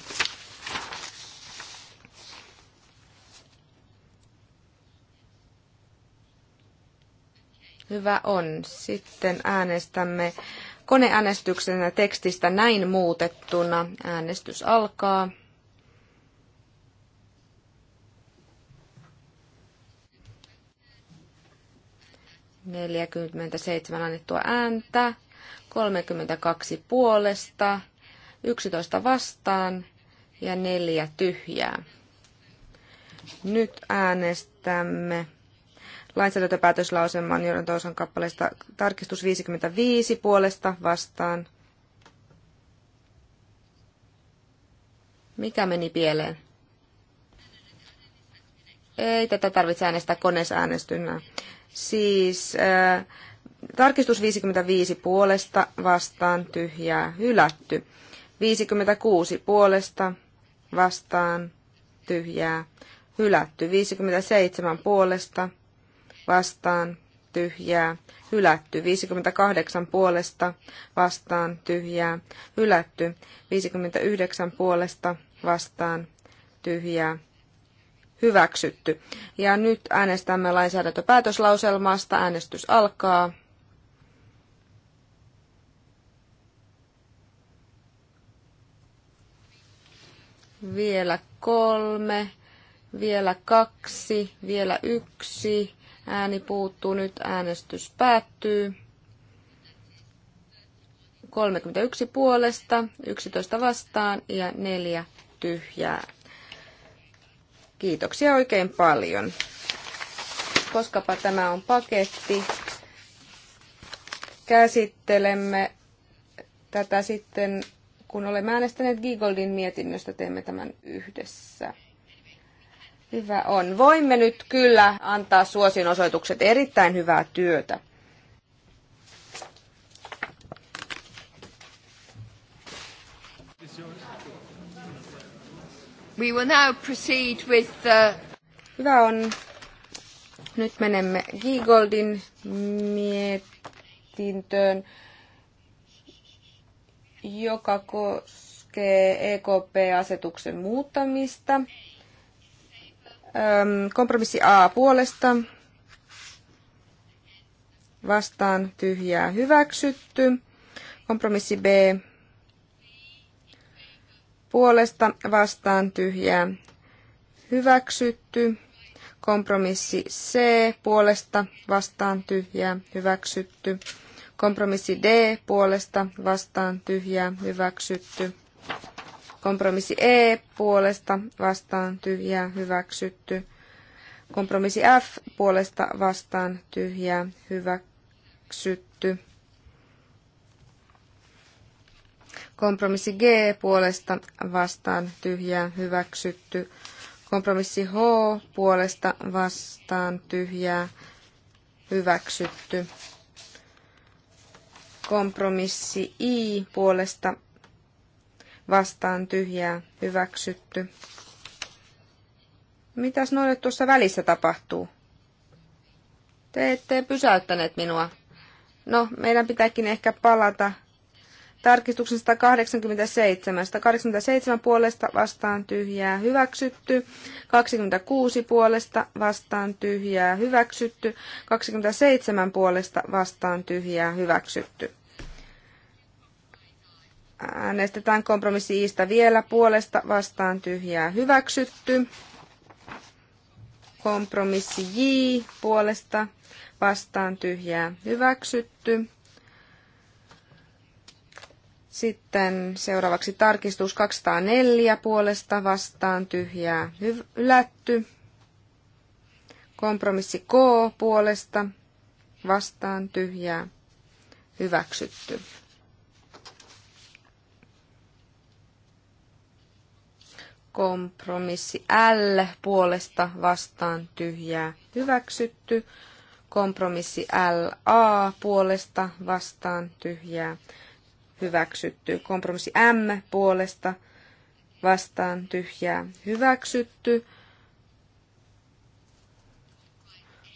Hyvä on. Sitten äänestämme koneäänestyksenä tekstistä näin muutettuna. Äänestys alkaa. Neljäkymmentäseitsemän annettua ääntä, 32 puolesta, 11 vastaan ja neljä tyhjää. Nyt äänestämme lainsäädäntöpäätöslauselman joiden toisen kappaleesta tarkistus 55 puolesta vastaan. Mikä meni pieleen? Ei tätä tarvitse äänestää konesäänestynä. Siis äh, tarkistus 55 puolesta vastaan tyhjää hylätty. 56 puolesta vastaan tyhjää hylätty. 57 puolesta vastaan tyhjää, hylätty. 58 puolesta vastaan tyhjää, hylätty. 59 puolesta vastaan tyhjää, hyväksytty. Ja nyt äänestämme lainsäädäntöpäätöslauselmasta. Äänestys alkaa. Vielä kolme, vielä kaksi, vielä yksi. Ääni puuttuu nyt, äänestys päättyy. 31 puolesta, 11 vastaan ja 4 tyhjää. Kiitoksia oikein paljon. Koskapa tämä on paketti, käsittelemme tätä sitten, kun olemme äänestäneet Gigoldin mietinnöstä, teemme tämän yhdessä. Hyvä on. Voimme nyt kyllä antaa suosionosoitukset erittäin hyvää työtä. We will now proceed with the... Hyvä on. Nyt menemme Giegoldin mietintöön, joka koskee EKP-asetuksen muuttamista. Kompromissi A puolesta vastaan tyhjää hyväksytty. Kompromissi B puolesta vastaan tyhjää hyväksytty. Kompromissi C puolesta vastaan tyhjää hyväksytty. Kompromissi D puolesta vastaan tyhjää hyväksytty. Kompromissi E puolesta vastaan tyhjää hyväksytty. Kompromissi F puolesta vastaan tyhjää hyväksytty. Kompromissi G puolesta vastaan tyhjää hyväksytty. Kompromissi H puolesta vastaan tyhjää hyväksytty. Kompromissi I puolesta vastaan tyhjää hyväksytty. Mitäs noille tuossa välissä tapahtuu? Te ette pysäyttäneet minua. No, meidän pitääkin ehkä palata tarkistuksen 187. 187 puolesta vastaan tyhjää hyväksytty, 26 puolesta vastaan tyhjää hyväksytty, 27 puolesta vastaan tyhjää hyväksytty. Äänestetään kompromissi Iistä vielä puolesta vastaan tyhjää hyväksytty. Kompromissi J puolesta vastaan tyhjää hyväksytty. Sitten seuraavaksi tarkistus 204 puolesta vastaan tyhjää hylätty. Kompromissi K puolesta vastaan tyhjää hyväksytty. Kompromissi L puolesta vastaan tyhjää hyväksytty. Kompromissi LA puolesta vastaan tyhjää hyväksytty. Kompromissi M puolesta vastaan tyhjää hyväksytty.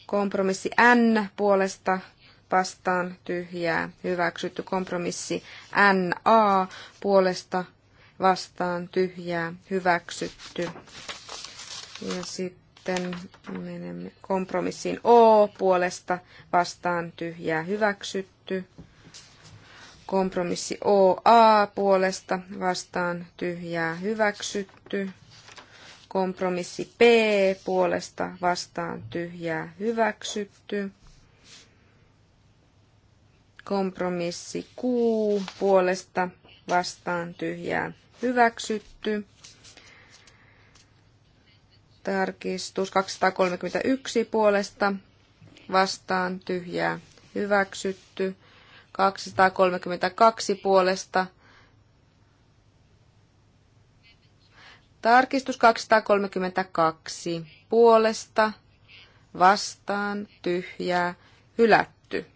Kompromissi N puolesta vastaan tyhjää hyväksytty. Kompromissi NA puolesta vastaan tyhjää hyväksytty. Ja sitten menemme kompromissiin O puolesta vastaan tyhjää hyväksytty. Kompromissi OA puolesta vastaan tyhjää hyväksytty. Kompromissi P puolesta vastaan tyhjää hyväksytty kompromissi Q puolesta vastaan tyhjää hyväksytty. Tarkistus 231 puolesta vastaan tyhjää hyväksytty. 232 puolesta. Tarkistus 232 puolesta vastaan tyhjää hylätty.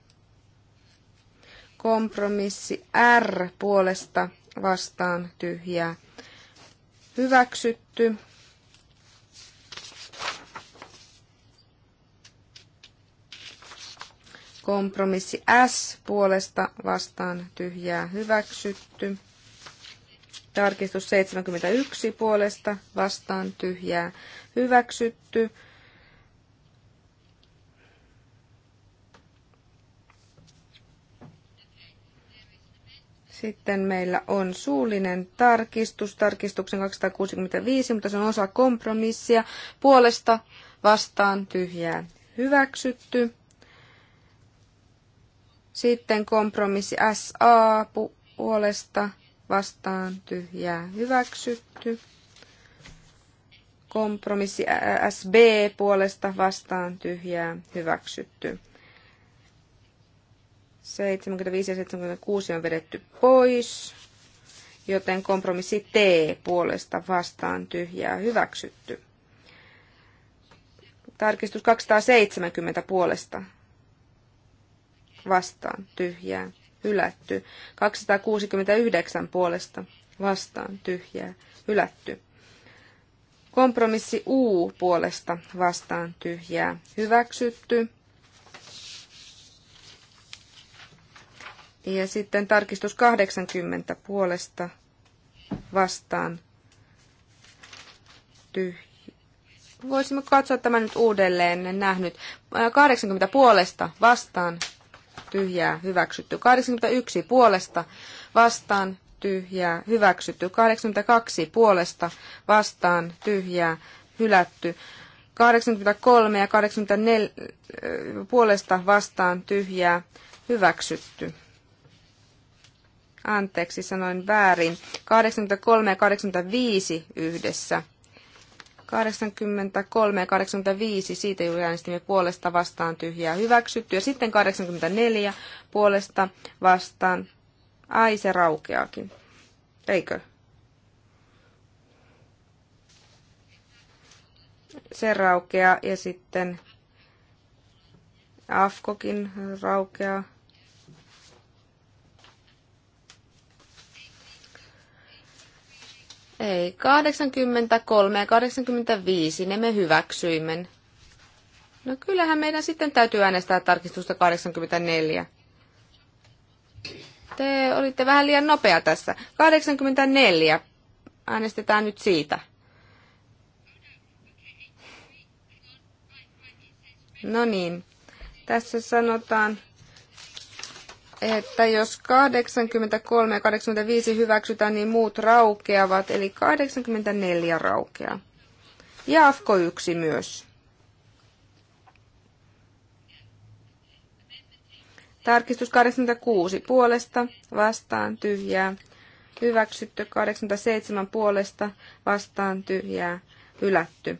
Kompromissi R puolesta vastaan tyhjää hyväksytty. Kompromissi S puolesta vastaan tyhjää hyväksytty. Tarkistus 71 puolesta vastaan tyhjää hyväksytty. Sitten meillä on suullinen tarkistus, tarkistuksen 265, mutta se on osa kompromissia. Puolesta vastaan tyhjää hyväksytty. Sitten kompromissi SA puolesta vastaan tyhjää hyväksytty. Kompromissi SB puolesta vastaan tyhjää hyväksytty. 75 ja 76 on vedetty pois, joten kompromissi T puolesta vastaan tyhjää hyväksytty. Tarkistus 270 puolesta vastaan tyhjää hylätty. 269 puolesta vastaan tyhjää hylätty. Kompromissi U puolesta vastaan tyhjää hyväksytty. Ja sitten tarkistus 80 puolesta vastaan tyhjä. Voisimme katsoa tämän nyt uudelleen, en nähnyt. 80 äh, puolesta vastaan tyhjää hyväksytty. 81 puolesta vastaan tyhjää hyväksytty. 82 puolesta vastaan tyhjää hylätty. 83 ja 84 äh, puolesta vastaan tyhjää hyväksytty. Anteeksi, sanoin väärin. 83 ja 85 yhdessä. 83 ja 85, siitä juuri äänestimme puolesta vastaan tyhjää hyväksytty. Ja sitten 84 puolesta vastaan. Ai, se raukeakin. Eikö? Se raukeaa ja sitten Afkokin raukeaa. Ei, 83 ja 85, ne me hyväksyimme. No kyllähän meidän sitten täytyy äänestää tarkistusta 84. Te olitte vähän liian nopea tässä. 84. Äänestetään nyt siitä. No niin. Tässä sanotaan että jos 83 ja 85 hyväksytään, niin muut raukeavat, eli 84 raukeaa. Ja AFKO 1 myös. Tarkistus 86 puolesta, vastaan tyhjää. Hyväksytty 87 puolesta, vastaan tyhjää. Hylätty.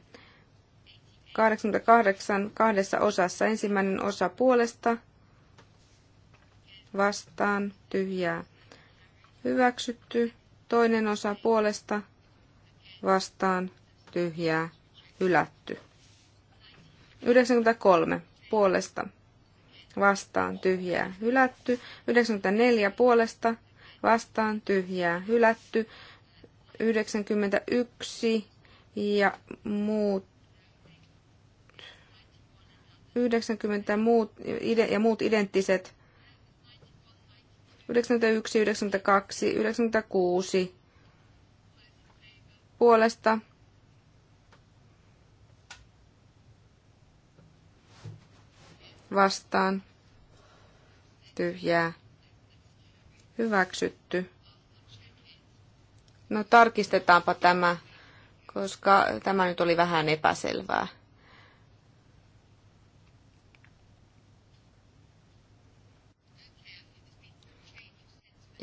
88 kahdessa osassa. Ensimmäinen osa puolesta, vastaan, tyhjää, hyväksytty. Toinen osa puolesta, vastaan, tyhjää, hylätty. 93 puolesta, vastaan, tyhjää, hylätty. 94 puolesta, vastaan, tyhjää, hylätty. 91 ja muut 90 muut, ja muut identtiset 91, 92, 96 puolesta. Vastaan. Tyhjää. Hyväksytty. No tarkistetaanpa tämä, koska tämä nyt oli vähän epäselvää.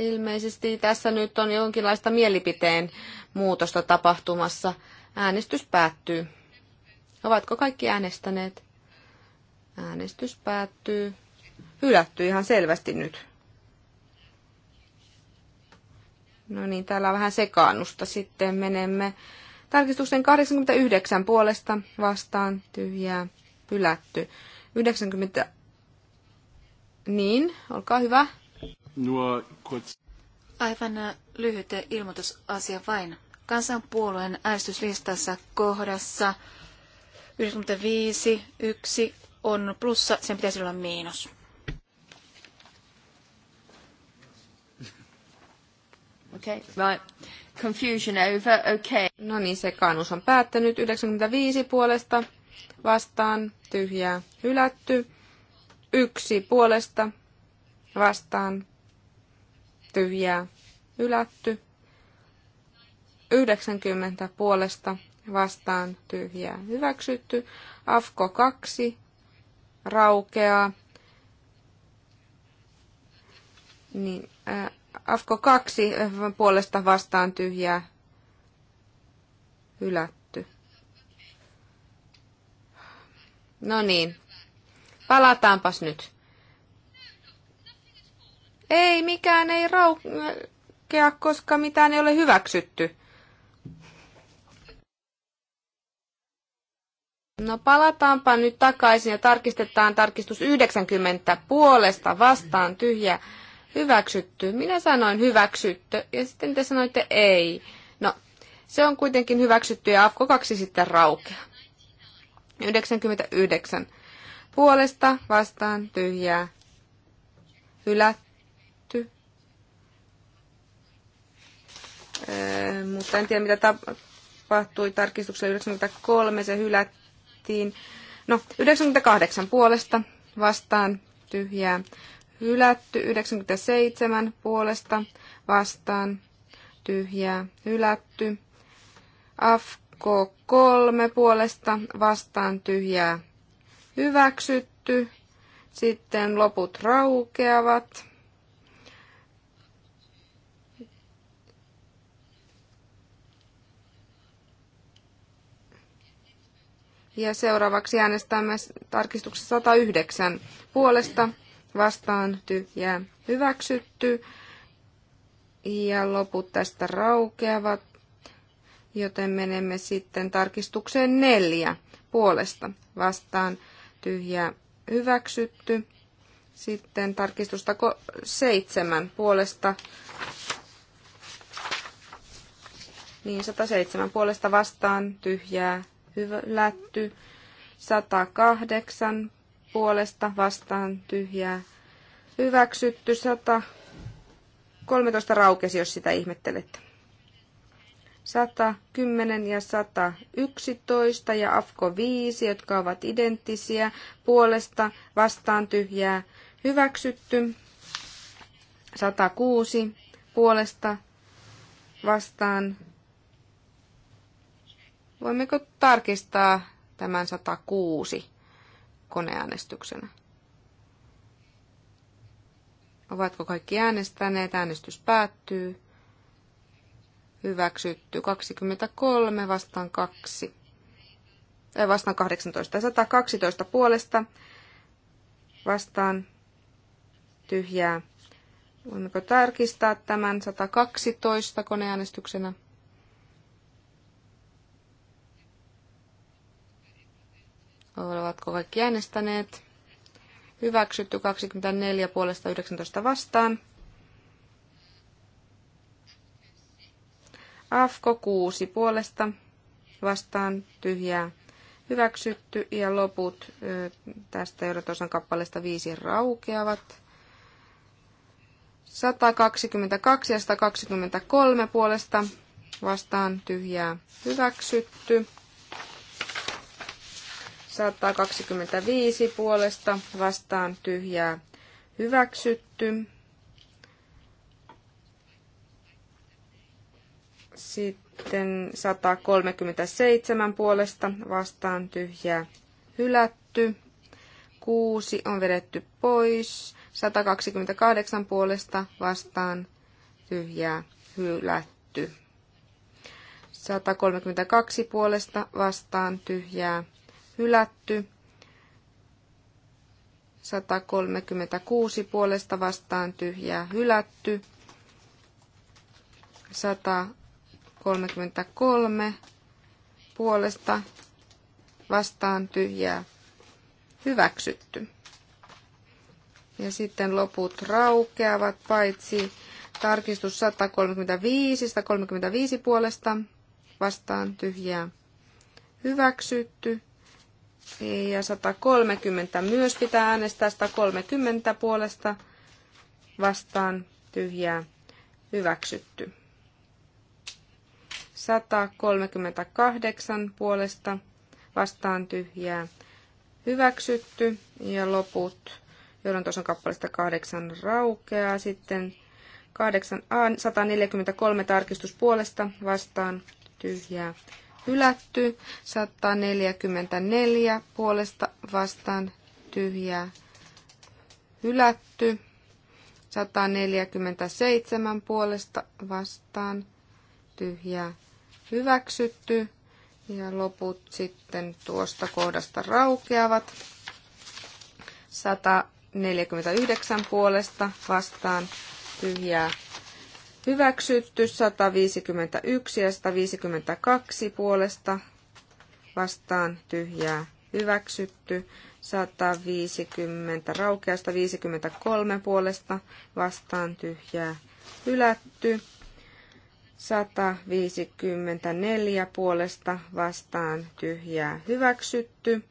Ilmeisesti tässä nyt on jonkinlaista mielipiteen muutosta tapahtumassa. Äänestys päättyy. Ovatko kaikki äänestäneet? Äänestys päättyy. Hylätty ihan selvästi nyt. No niin, täällä on vähän sekaannusta. Sitten menemme tarkistuksen 89 puolesta vastaan tyhjää hylätty. 90. Niin, olkaa hyvä. Aivan lyhyt ilmoitusasia vain. Kansanpuolueen äänestyslistassa kohdassa yksi on plussa, sen pitäisi olla miinus. Okay, right. Confusion over, okay. No niin, sekaannus on päättänyt. 95 puolesta vastaan, tyhjää, hylätty. Yksi puolesta vastaan, tyhjää ylätty. 90 puolesta vastaan tyhjää hyväksytty. Afko 2 raukeaa. Niin, äh, Afko 2 äh, puolesta vastaan tyhjää hylätty. No niin, palataanpas nyt. Ei, mikään ei raukea, koska mitään ei ole hyväksytty. No palataanpa nyt takaisin ja tarkistetaan tarkistus 90 puolesta vastaan tyhjä hyväksytty. Minä sanoin hyväksytty ja sitten te sanoitte ei. No se on kuitenkin hyväksytty ja AFKO 2 sitten raukea. 99 puolesta vastaan tyhjää hylätty. mutta en tiedä mitä tapahtui tarkistuksella 93, se hylättiin. No, 98 puolesta vastaan tyhjää hylätty, 97 puolesta vastaan tyhjää hylätty. AFKO 3 puolesta vastaan tyhjää hyväksytty. Sitten loput raukeavat. Ja seuraavaksi äänestämme tarkistuksessa 109 puolesta vastaan tyhjää hyväksytty. Ja loput tästä raukeavat, joten menemme sitten tarkistukseen neljä puolesta vastaan tyhjää hyväksytty. Sitten tarkistusta seitsemän puolesta niin 107 puolesta vastaan tyhjää hylätty. 108 puolesta vastaan tyhjää hyväksytty. 113 raukesi, jos sitä ihmettelette. 110 ja 111 ja AFKO 5, jotka ovat identtisiä, puolesta vastaan tyhjää hyväksytty. 106 puolesta vastaan Voimmeko tarkistaa tämän 106 koneäänestyksenä? Ovatko kaikki äänestäneet? Äänestys päättyy. Hyväksytty 23 vastaan 2. Ei äh, vastaan 18. 112 puolesta vastaan tyhjää. Voimmeko tarkistaa tämän 112 koneäänestyksenä? Ovatko kaikki äänestäneet? Hyväksytty 24 puolesta 19 vastaan. Afko 6 puolesta vastaan tyhjää hyväksytty ja loput tästä Eurotosan kappaleesta 5 raukeavat. 122 ja 123 puolesta vastaan tyhjää hyväksytty. 125 puolesta vastaan tyhjää hyväksytty. Sitten 137 puolesta vastaan tyhjää hylätty. 6 on vedetty pois. 128 puolesta vastaan tyhjää hylätty. 132 puolesta vastaan tyhjää hylätty. 136 puolesta vastaan tyhjää hylätty. 133 puolesta vastaan tyhjää hyväksytty. Ja sitten loput raukeavat paitsi tarkistus 135, 135 puolesta vastaan tyhjää hyväksytty ja 130 myös pitää äänestää 130 puolesta vastaan tyhjää hyväksytty. 138 puolesta vastaan tyhjää hyväksytty ja loput, jolloin tuossa on kappalista kahdeksan raukeaa sitten 8, 143 tarkistus puolesta vastaan tyhjää hylätty. 144 puolesta vastaan tyhjää hylätty. 147 puolesta vastaan tyhjää hyväksytty. Ja loput sitten tuosta kohdasta raukeavat. 149 puolesta vastaan tyhjää hyväksytty 151 ja 152 puolesta vastaan tyhjää hyväksytty 150 raukea 153 puolesta vastaan tyhjää hylätty 154 puolesta vastaan tyhjää hyväksytty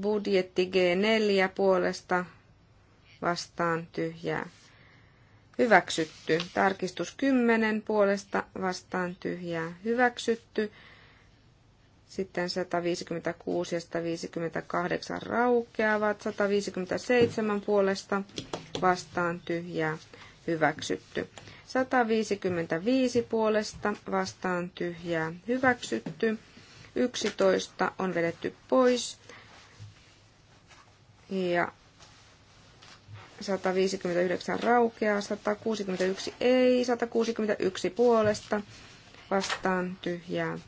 budjetti G4 puolesta vastaan tyhjää hyväksytty. Tarkistus 10 puolesta vastaan tyhjää hyväksytty. Sitten 156 ja 158 raukeavat. 157 puolesta vastaan tyhjää hyväksytty. 155 puolesta vastaan tyhjää hyväksytty. 11 on vedetty pois. Ja 159 raukeaa, 161 ei, 161 puolesta vastaan tyhjää.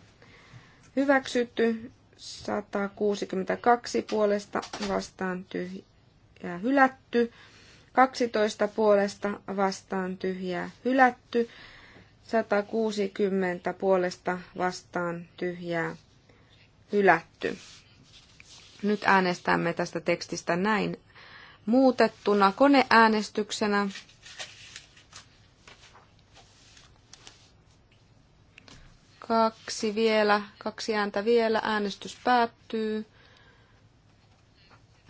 Hyväksytty 162 puolesta vastaan tyhjää hylätty, 12 puolesta vastaan tyhjää hylätty, 160 puolesta vastaan tyhjää hylätty. Nyt äänestämme tästä tekstistä näin muutettuna koneäänestyksenä. Kaksi vielä, kaksi ääntä vielä, äänestys päättyy.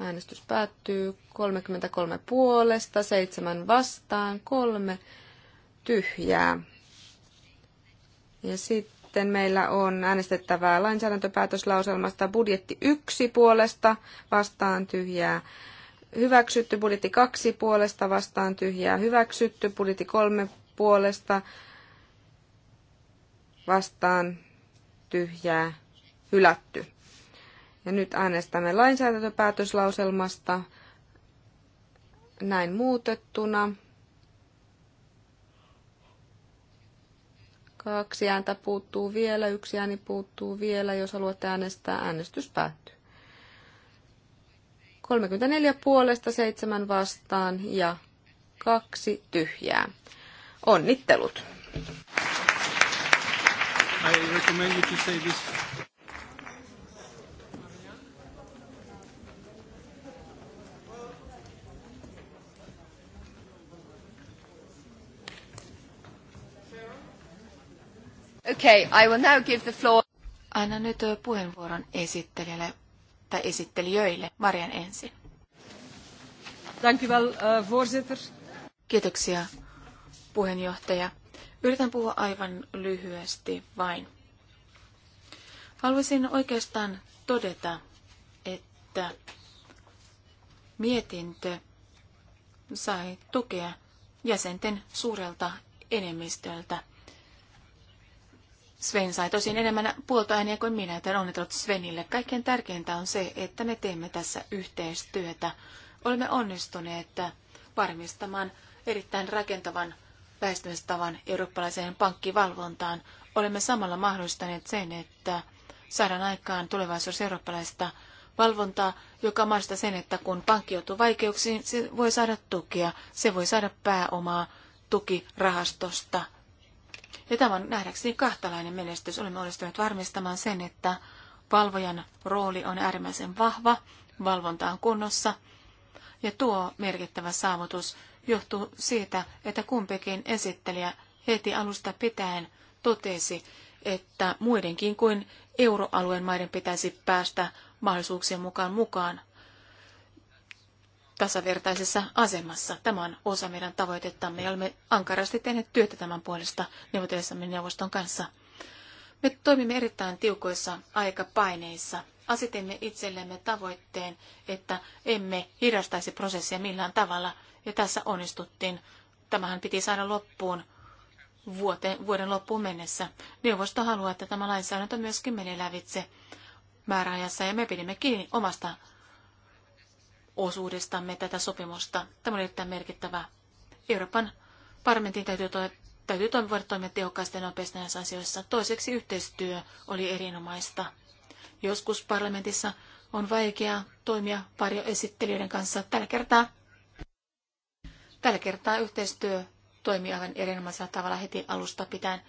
Äänestys päättyy 33 puolesta, 7 vastaan, 3 tyhjää. Ja sitten meillä on äänestettävää lainsäädäntöpäätöslauselmasta budjetti 1 puolesta, vastaan tyhjää, hyväksytty, budjetti kaksi puolesta vastaan tyhjää hyväksytty, budjetti kolme puolesta vastaan tyhjää hylätty. Ja nyt äänestämme lainsäädäntöpäätöslauselmasta näin muutettuna. Kaksi ääntä puuttuu vielä, yksi ääni puuttuu vielä. Jos haluatte äänestää, äänestys päättyy. 34 puolesta, 7 vastaan ja kaksi tyhjää. Onnittelut! I recommend you to say this Okay, I will now give the floor. Anna nyt puheenvuoron esittelijälle tai esittelijöille. Marian ensin. Dank u wel, eh, voorzitter. Kiitoksia, puheenjohtaja. Yritän puhua aivan lyhyesti vain. Haluaisin oikeastaan todeta, että mietintö sai tukea jäsenten suurelta enemmistöltä. Sven sai tosin enemmän puoltoääniä kuin minä, joten onnittelut Svenille. Kaikkein tärkeintä on se, että me teemme tässä yhteistyötä. Olemme onnistuneet varmistamaan erittäin rakentavan väestymistavan eurooppalaiseen pankkivalvontaan. Olemme samalla mahdollistaneet sen, että saadaan aikaan tulevaisuus eurooppalaista valvontaa, joka mahdollistaa sen, että kun pankki joutuu vaikeuksiin, se voi saada tukea, se voi saada pääomaa tukirahastosta – ja tämä on nähdäkseni kahtalainen menestys. Olemme onnistuneet varmistamaan sen, että valvojan rooli on äärimmäisen vahva, valvonta on kunnossa. Ja tuo merkittävä saavutus johtuu siitä, että kumpikin esittelijä heti alusta pitäen totesi, että muidenkin kuin euroalueen maiden pitäisi päästä mahdollisuuksien mukaan mukaan tasavertaisessa asemassa. Tämä on osa meidän tavoitettamme ja olemme ankarasti tehneet työtä tämän puolesta neuvotellessamme neuvoston kanssa. Me toimimme erittäin tiukoissa aikapaineissa. Asitimme itsellemme tavoitteen, että emme hidastaisi prosessia millään tavalla, ja tässä onnistuttiin. Tämähän piti saada loppuun vuoden loppuun mennessä. Neuvosto haluaa, että tämä lainsäädäntö myöskin menee lävitse määräajassa, ja me pidimme kiinni omasta osuudestamme tätä sopimusta. Tämä on erittäin merkittävä. Euroopan parlamentin täytyy, to- täytyy toimia, toimia tehokkaasti ja nopeasti näissä asioissa. Toiseksi yhteistyö oli erinomaista. Joskus parlamentissa on vaikea toimia esittelijöiden kanssa. Tällä kertaa, tällä kertaa yhteistyö toimii aivan erinomaisella tavalla heti alusta pitäen.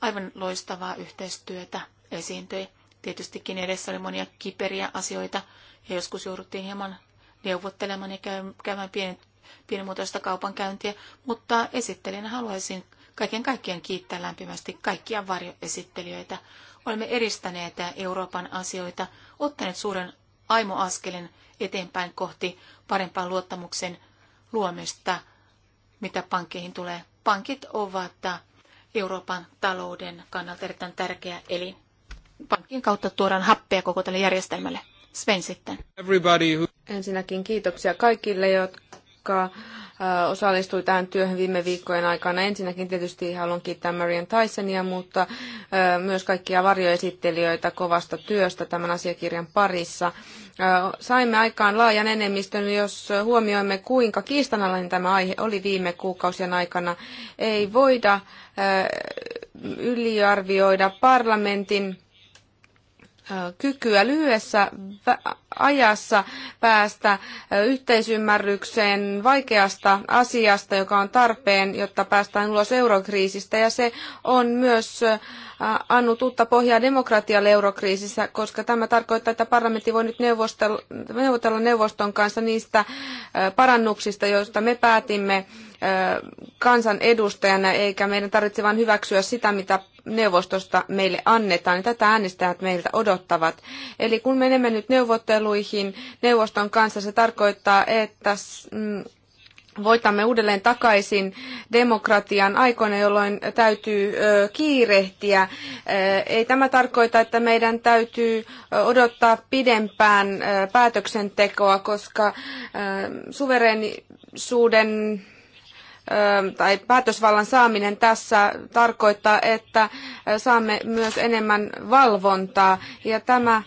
Aivan loistavaa yhteistyötä esiintyi. Tietystikin edessä oli monia kiperiä asioita ja joskus jouduttiin hieman neuvottelemaan ja käymään pienet, pienimuotoista kaupankäyntiä, mutta esittelijänä haluaisin kaiken kaikkiaan kiittää lämpimästi kaikkia varjoesittelijöitä. Olemme eristäneet Euroopan asioita, ottaneet suuren aimoaskelen eteenpäin kohti parempaa luottamuksen luomista, mitä pankkeihin tulee. Pankit ovat Euroopan talouden kannalta erittäin tärkeä, eli pankin kautta tuodaan happea koko tälle järjestelmälle. Sven sitten. Who... Ensinnäkin kiitoksia kaikille, jotka osallistui tähän työhön viime viikkojen aikana. Ensinnäkin tietysti haluan kiittää Marian Tysonia, mutta myös kaikkia varjoesittelijöitä kovasta työstä tämän asiakirjan parissa. Saimme aikaan laajan enemmistön, jos huomioimme kuinka kiistanalainen tämä aihe oli viime kuukausien aikana. Ei voida yliarvioida parlamentin kykyä lyhyessä ajassa päästä yhteisymmärrykseen vaikeasta asiasta, joka on tarpeen, jotta päästään ulos eurokriisistä. Ja se on myös annut uutta pohjaa demokratialle eurokriisissä, koska tämä tarkoittaa, että parlamentti voi nyt neuvotella neuvoston kanssa niistä parannuksista, joista me päätimme kansan edustajana, eikä meidän tarvitse vain hyväksyä sitä, mitä neuvostosta meille annetaan. Tätä äänestäjät meiltä odottavat. Eli kun menemme nyt neuvotteluihin neuvoston kanssa, se tarkoittaa, että mm, voitamme uudelleen takaisin demokratian aikoina, jolloin täytyy kiirehtiä. Ei tämä tarkoita, että meidän täytyy odottaa pidempään päätöksentekoa, koska suvereenisuuden tai päätösvallan saaminen tässä tarkoittaa, että saamme myös enemmän valvontaa ja tämä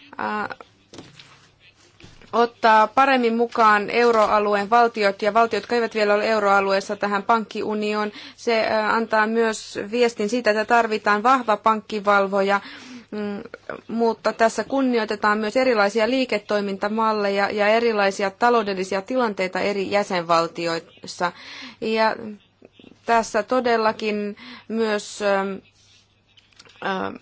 ottaa paremmin mukaan euroalueen valtiot ja valtiot, jotka eivät vielä ole euroalueessa tähän pankkiunioon. Se antaa myös viestin siitä, että tarvitaan vahva pankkivalvoja Mm, mutta tässä kunnioitetaan myös erilaisia liiketoimintamalleja ja erilaisia taloudellisia tilanteita eri jäsenvaltioissa. Ja tässä todellakin myös ähm, ähm,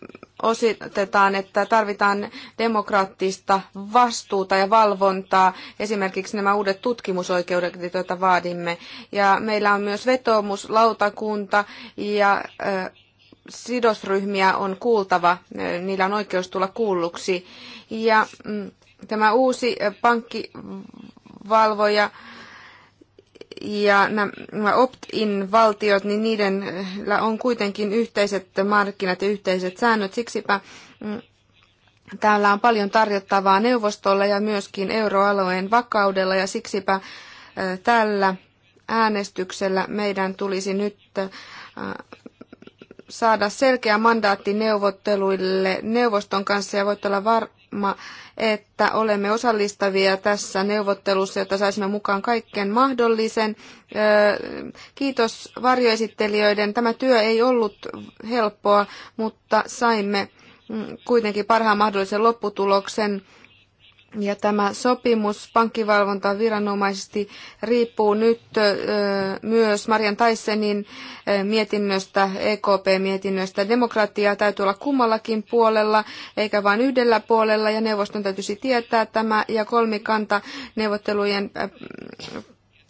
ositetaan, että tarvitaan demokraattista vastuuta ja valvontaa, esimerkiksi nämä uudet tutkimusoikeudet, joita vaadimme. Ja meillä on myös vetoomuslautakunta ja äh, sidosryhmiä on kuultava, niillä on oikeus tulla kuulluksi. Ja mm, tämä uusi pankkivalvoja ja nämä opt-in valtiot, niin niiden on kuitenkin yhteiset markkinat ja yhteiset säännöt. Siksipä mm, täällä on paljon tarjottavaa neuvostolle ja myöskin euroalueen vakaudella ja siksipä tällä äänestyksellä meidän tulisi nyt saada selkeä mandaatti neuvotteluille neuvoston kanssa ja voit olla varma, että olemme osallistavia tässä neuvottelussa, jotta saisimme mukaan kaiken mahdollisen. Kiitos varjoesittelijöiden. Tämä työ ei ollut helppoa, mutta saimme mm, kuitenkin parhaan mahdollisen lopputuloksen ja tämä sopimus pankkivalvontaa viranomaisesti riippuu nyt myös Marian Taisenin mietinnöstä, EKP-mietinnöstä. Demokratiaa täytyy olla kummallakin puolella, eikä vain yhdellä puolella, ja neuvoston täytyisi tietää tämä, ja kolmikanta neuvottelujen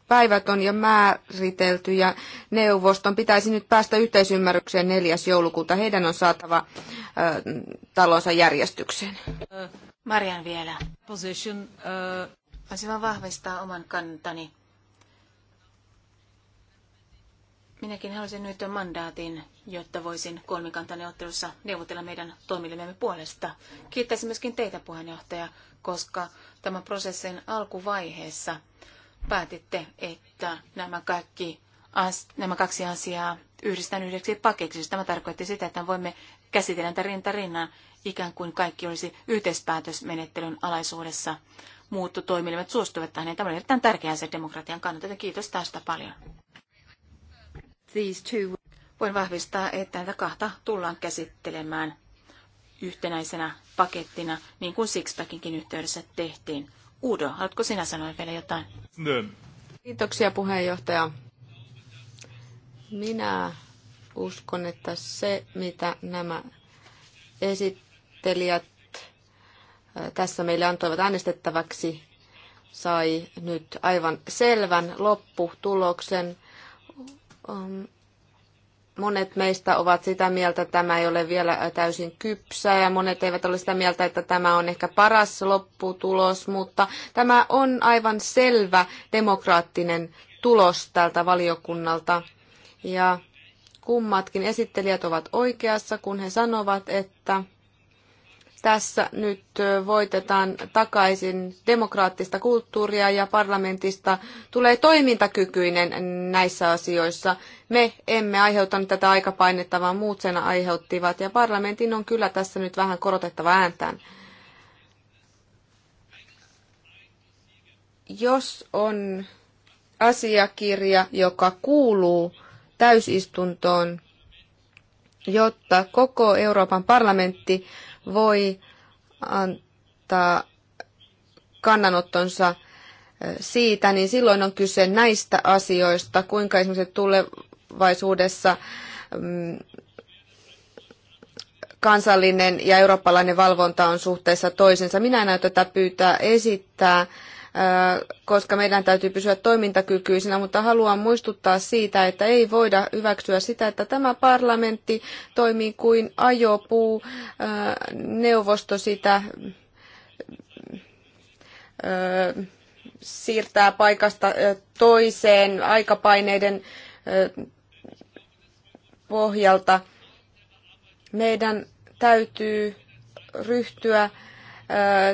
päivät on jo määritelty ja neuvoston pitäisi nyt päästä yhteisymmärrykseen 4. joulukuuta. Heidän on saatava ö, talonsa järjestykseen. Marian vielä. Position, uh... Voisin vaan vahvistaa oman kantani. Minäkin haluaisin nyt mandaatin, jotta voisin kolmikantani ottelussa neuvotella meidän toimilemme puolesta. Kiittäisin myöskin teitä, puheenjohtaja, koska tämän prosessin alkuvaiheessa – päätitte, että nämä kaikki nämä kaksi asiaa yhdistän yhdeksi paketiksi. Siis tämä tarkoitti sitä, että voimme käsitellä tätä rinta rinnan ikään kuin kaikki olisi yhteispäätösmenettelyn alaisuudessa. Muuttu toimielimet suostuivat tähän. Tämä on erittäin tärkeää se demokratian kannalta. Kiitos tästä paljon. These two. Voin vahvistaa, että näitä kahta tullaan käsittelemään yhtenäisenä pakettina, niin kuin Sixpackinkin yhteydessä tehtiin. Udo, haluatko sinä sanoa vielä jotain? No. Kiitoksia puheenjohtaja. Minä uskon, että se, mitä nämä esittelijät äh, tässä meille antoivat äänestettäväksi, sai nyt aivan selvän lopputuloksen. Um, Monet meistä ovat sitä mieltä, että tämä ei ole vielä täysin kypsä ja monet eivät ole sitä mieltä, että tämä on ehkä paras lopputulos, mutta tämä on aivan selvä demokraattinen tulos tältä valiokunnalta. Ja kummatkin esittelijät ovat oikeassa, kun he sanovat, että tässä nyt voitetaan takaisin demokraattista kulttuuria ja parlamentista tulee toimintakykyinen näissä asioissa. Me emme aiheuttaneet tätä aikapainetta, vaan muut sen aiheuttivat ja parlamentin on kyllä tässä nyt vähän korotettava ääntään. Jos on asiakirja, joka kuuluu täysistuntoon, jotta koko Euroopan parlamentti voi antaa kannanottonsa eh, siitä, niin silloin on kyse näistä asioista, kuinka esimerkiksi tulevaisuudessa mm, kansallinen ja eurooppalainen valvonta on suhteessa toisensa. Minä en tätä pyytää esittää koska meidän täytyy pysyä toimintakykyisinä, mutta haluan muistuttaa siitä, että ei voida hyväksyä sitä, että tämä parlamentti toimii kuin ajopuu, neuvosto sitä siirtää paikasta toiseen aikapaineiden pohjalta. Meidän täytyy ryhtyä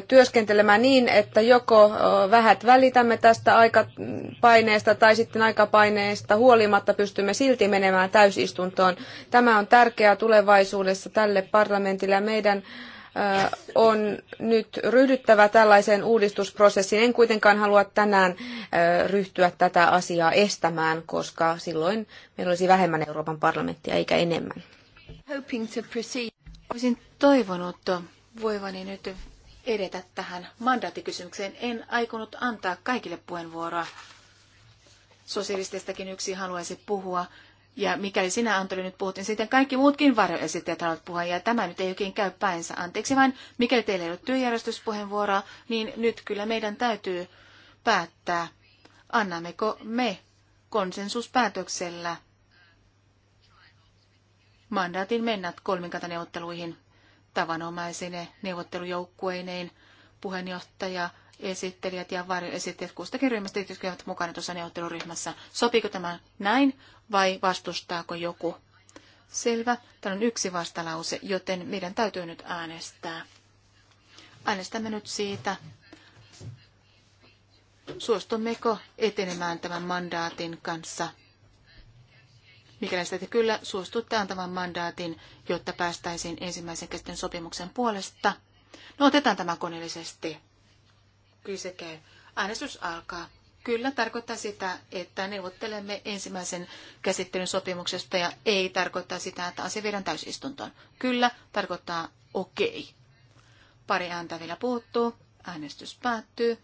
työskentelemään niin, että joko vähät välitämme tästä aikapaineesta tai sitten aikapaineesta huolimatta pystymme silti menemään täysistuntoon. Tämä on tärkeää tulevaisuudessa tälle parlamentille ja meidän on nyt ryhdyttävä tällaiseen uudistusprosessiin. En kuitenkaan halua tänään ryhtyä tätä asiaa estämään, koska silloin meillä olisi vähemmän Euroopan parlamenttia eikä enemmän. Olisin toivonut voivani nyt edetä tähän mandaattikysymykseen. En aikonut antaa kaikille puheenvuoroa. Sosialisteistakin yksi haluaisi puhua. Ja mikäli sinä, Antoli, nyt puhut, niin sitten kaikki muutkin varjoesittäjät haluavat puhua, ja tämä nyt ei oikein käy päinsä. Anteeksi vain, mikäli teillä ei ole työjärjestyspuheenvuoroa, niin nyt kyllä meidän täytyy päättää, annammeko me konsensuspäätöksellä mandaatin mennä kolminkantaneuvotteluihin tavanomaisine neuvottelujoukkueineen puheenjohtaja, esittelijät ja varjoesittelijät kustakin ryhmästä, jotka ovat mukana tuossa neuvotteluryhmässä. Sopiiko tämä näin vai vastustaako joku? Selvä. Täällä on yksi vastalause, joten meidän täytyy nyt äänestää. Äänestämme nyt siitä, suostummeko etenemään tämän mandaatin kanssa – Mikäli sitä kyllä suostutte antamaan mandaatin, jotta päästäisiin ensimmäisen keston sopimuksen puolesta. No otetaan tämä koneellisesti. Kyllä se käy. Äänestys alkaa. Kyllä tarkoittaa sitä, että neuvottelemme ensimmäisen käsittelyn sopimuksesta ja ei tarkoittaa sitä, että asia viedään täysistuntoon. Kyllä tarkoittaa okei. Okay. Pari ääntä vielä puuttuu. Äänestys päättyy.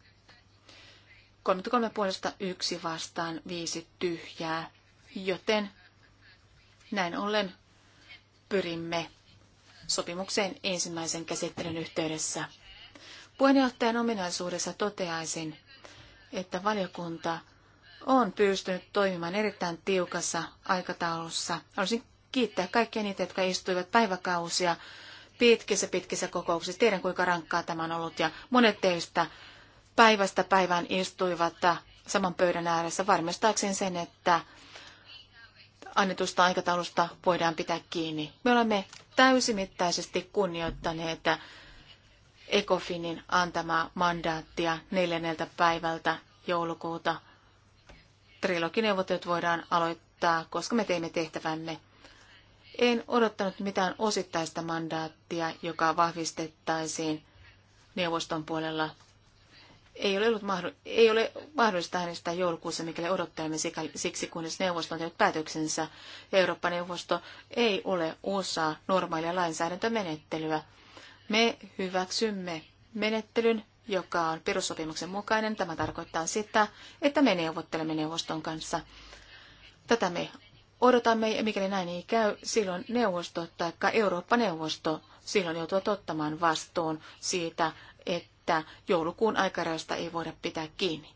33 puolesta yksi vastaan, viisi tyhjää, joten näin ollen pyrimme sopimukseen ensimmäisen käsittelyn yhteydessä. Puheenjohtajan ominaisuudessa toteaisin, että valiokunta on pystynyt toimimaan erittäin tiukassa aikataulussa. Haluaisin kiittää kaikkia niitä, jotka istuivat päiväkausia pitkissä pitkissä kokouksissa. Tiedän, kuinka rankkaa tämä on ollut ja monet teistä päivästä päivään istuivat saman pöydän ääressä varmistaakseen sen, että annetusta aikataulusta voidaan pitää kiinni. Me olemme täysimittaisesti kunnioittaneet Ecofinin antamaa mandaattia neljänneltä päivältä joulukuuta. Trilogineuvottelut voidaan aloittaa, koska me teimme tehtävämme. En odottanut mitään osittaista mandaattia, joka vahvistettaisiin neuvoston puolella ei ole, ollut mahdoll- ei ole mahdollista äänestää joulukuussa, mikäli odottelemme siksi, kunnes neuvosto on tehnyt päätöksensä. Eurooppa-neuvosto ei ole osa normaalia lainsäädäntömenettelyä. Me hyväksymme menettelyn, joka on perussopimuksen mukainen. Tämä tarkoittaa sitä, että me neuvottelemme neuvoston kanssa. Tätä me odotamme, ja mikäli näin ei käy, silloin neuvosto tai Eurooppa-neuvosto silloin joutuu ottamaan vastuun siitä, että että joulukuun aikarajasta ei voida pitää kiinni.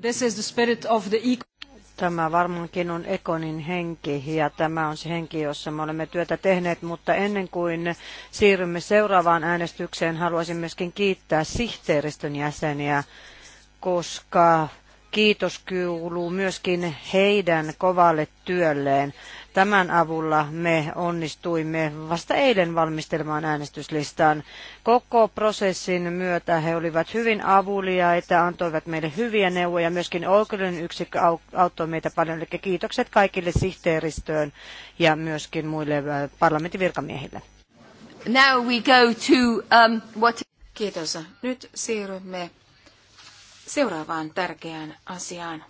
This is the spirit of the Tämä varmaankin on Ekonin henki ja tämä on se henki, jossa me olemme työtä tehneet, mutta ennen kuin siirrymme seuraavaan äänestykseen, haluaisin myöskin kiittää sihteeristön jäseniä, koska kiitos kuuluu myöskin heidän kovalle työlleen. Tämän avulla me onnistuimme vasta eilen valmistelemaan äänestyslistan. Koko prosessin myötä he olivat hyvin avuliaita, antoivat meille hyviä neuvoja. Myöskin oikeuden yksikkö auttoi meitä paljon. Eli kiitokset kaikille sihteeristöön ja myöskin muille äh, parlamentin virkamiehille. Now we go to, um, what... Kiitos. Nyt siirrymme seuraavaan tärkeään asiaan.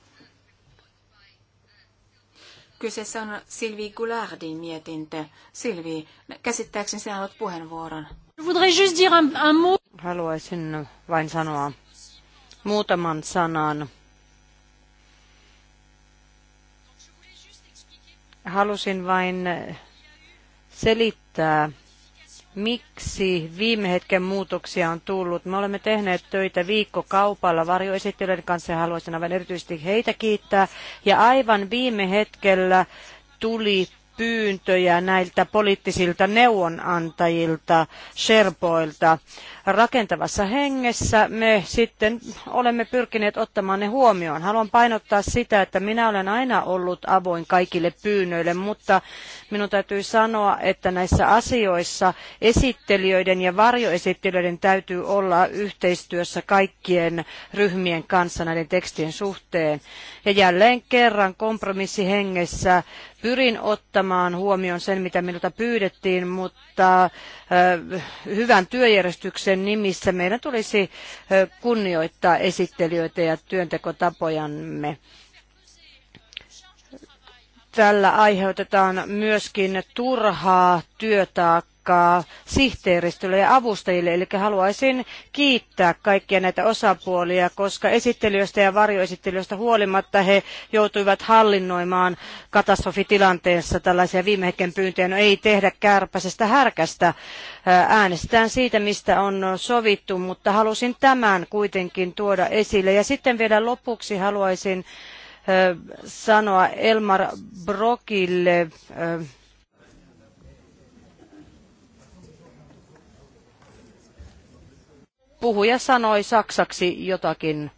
Kyseessä on Silvi Goulardin mietintö. Silvi, käsittääkseni sinä olet puheenvuoron. Haluaisin vain sanoa muutaman sanan. Halusin vain selittää miksi viime hetken muutoksia on tullut. Me olemme tehneet töitä viikkokaupalla varjoesittelyiden kanssa ja haluaisin aivan erityisesti heitä kiittää. Ja aivan viime hetkellä tuli pyyntöjä näiltä poliittisilta neuvonantajilta, sherpoilta. Rakentavassa hengessä me sitten olemme pyrkineet ottamaan ne huomioon. Haluan painottaa sitä, että minä olen aina ollut avoin kaikille pyynnöille, mutta minun täytyy sanoa, että näissä asioissa esittelijöiden ja varjoesittelijöiden täytyy olla yhteistyössä kaikkien ryhmien kanssa näiden tekstien suhteen. Ja jälleen kerran kompromissihengessä Pyrin ottamaan huomioon sen, mitä minulta pyydettiin, mutta hyvän työjärjestyksen nimissä meidän tulisi kunnioittaa esittelijöitä ja työntekotapojamme tällä aiheutetaan myöskin turhaa työtaakkaa aikaa sihteeristölle ja avustajille. Eli haluaisin kiittää kaikkia näitä osapuolia, koska esittelijöistä ja varjoesittelijöistä huolimatta he joutuivat hallinnoimaan katastrofitilanteessa tällaisia viime hetken pyyntöjä. No ei tehdä kärpäsestä härkästä. Äänestetään siitä, mistä on sovittu, mutta halusin tämän kuitenkin tuoda esille. Ja sitten vielä lopuksi haluaisin sanoa Elmar Brokille puhuja sanoi saksaksi jotakin.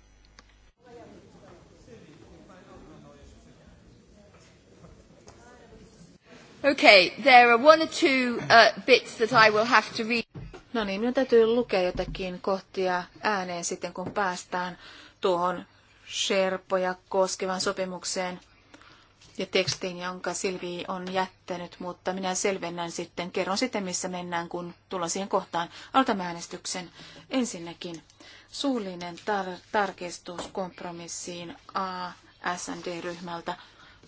Okay, there are one or two uh, bits that I will have to read. No niin, minun täytyy lukea jotakin kohtia ääneen sitten, kun päästään tuohon Sherpoja koskevan sopimukseen ja tekstin, jonka Silvi on jättänyt, mutta minä selvennän sitten, kerron sitten, missä mennään, kun tullaan siihen kohtaan. Aloitamme äänestyksen ensinnäkin. Suullinen tar- tarkistus kompromissiin A SND-ryhmältä.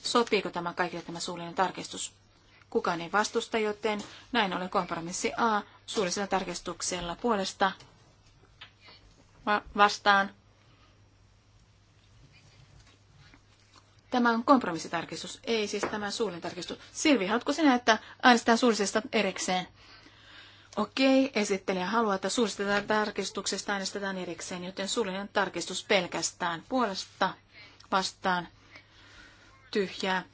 Sopiiko tämä kaikille tämä suullinen tarkistus? Kukaan ei vastusta, joten näin ollen kompromissi A suullisella tarkistuksella puolesta Va- vastaan Tämä on kompromissitarkistus, ei siis tämä suullinen tarkistus. Silvi, haluatko sinä, että äänestetään suullisesta erikseen? Okei, esittelijä haluaa, että suullisesta tarkistuksesta äänestetään erikseen, joten suullinen tarkistus pelkästään puolesta vastaan tyhjää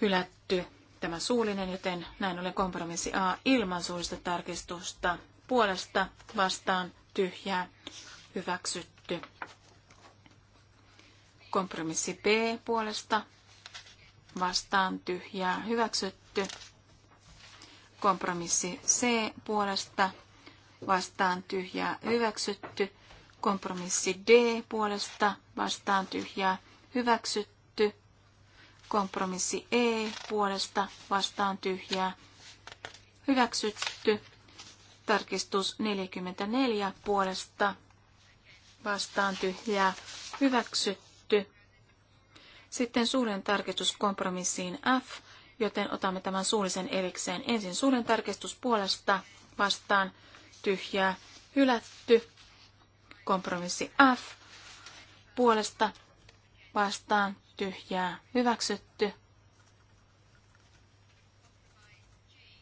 hylätty tämä suullinen, joten näin ollen kompromissi A ilman suullista tarkistusta puolesta vastaan tyhjää hyväksytty. Kompromissi B puolesta vastaan tyhjää hyväksytty. Kompromissi C puolesta vastaan tyhjää hyväksytty. Kompromissi D puolesta vastaan tyhjää hyväksytty. Kompromissi E puolesta vastaan tyhjää hyväksytty. Tarkistus 44 puolesta vastaan tyhjää hyväksytty sitten suullinen tarkistus kompromissiin F, joten otamme tämän suullisen erikseen. Ensin suullinen tarkistus puolesta vastaan tyhjää hylätty. Kompromissi F puolesta vastaan tyhjää hyväksytty.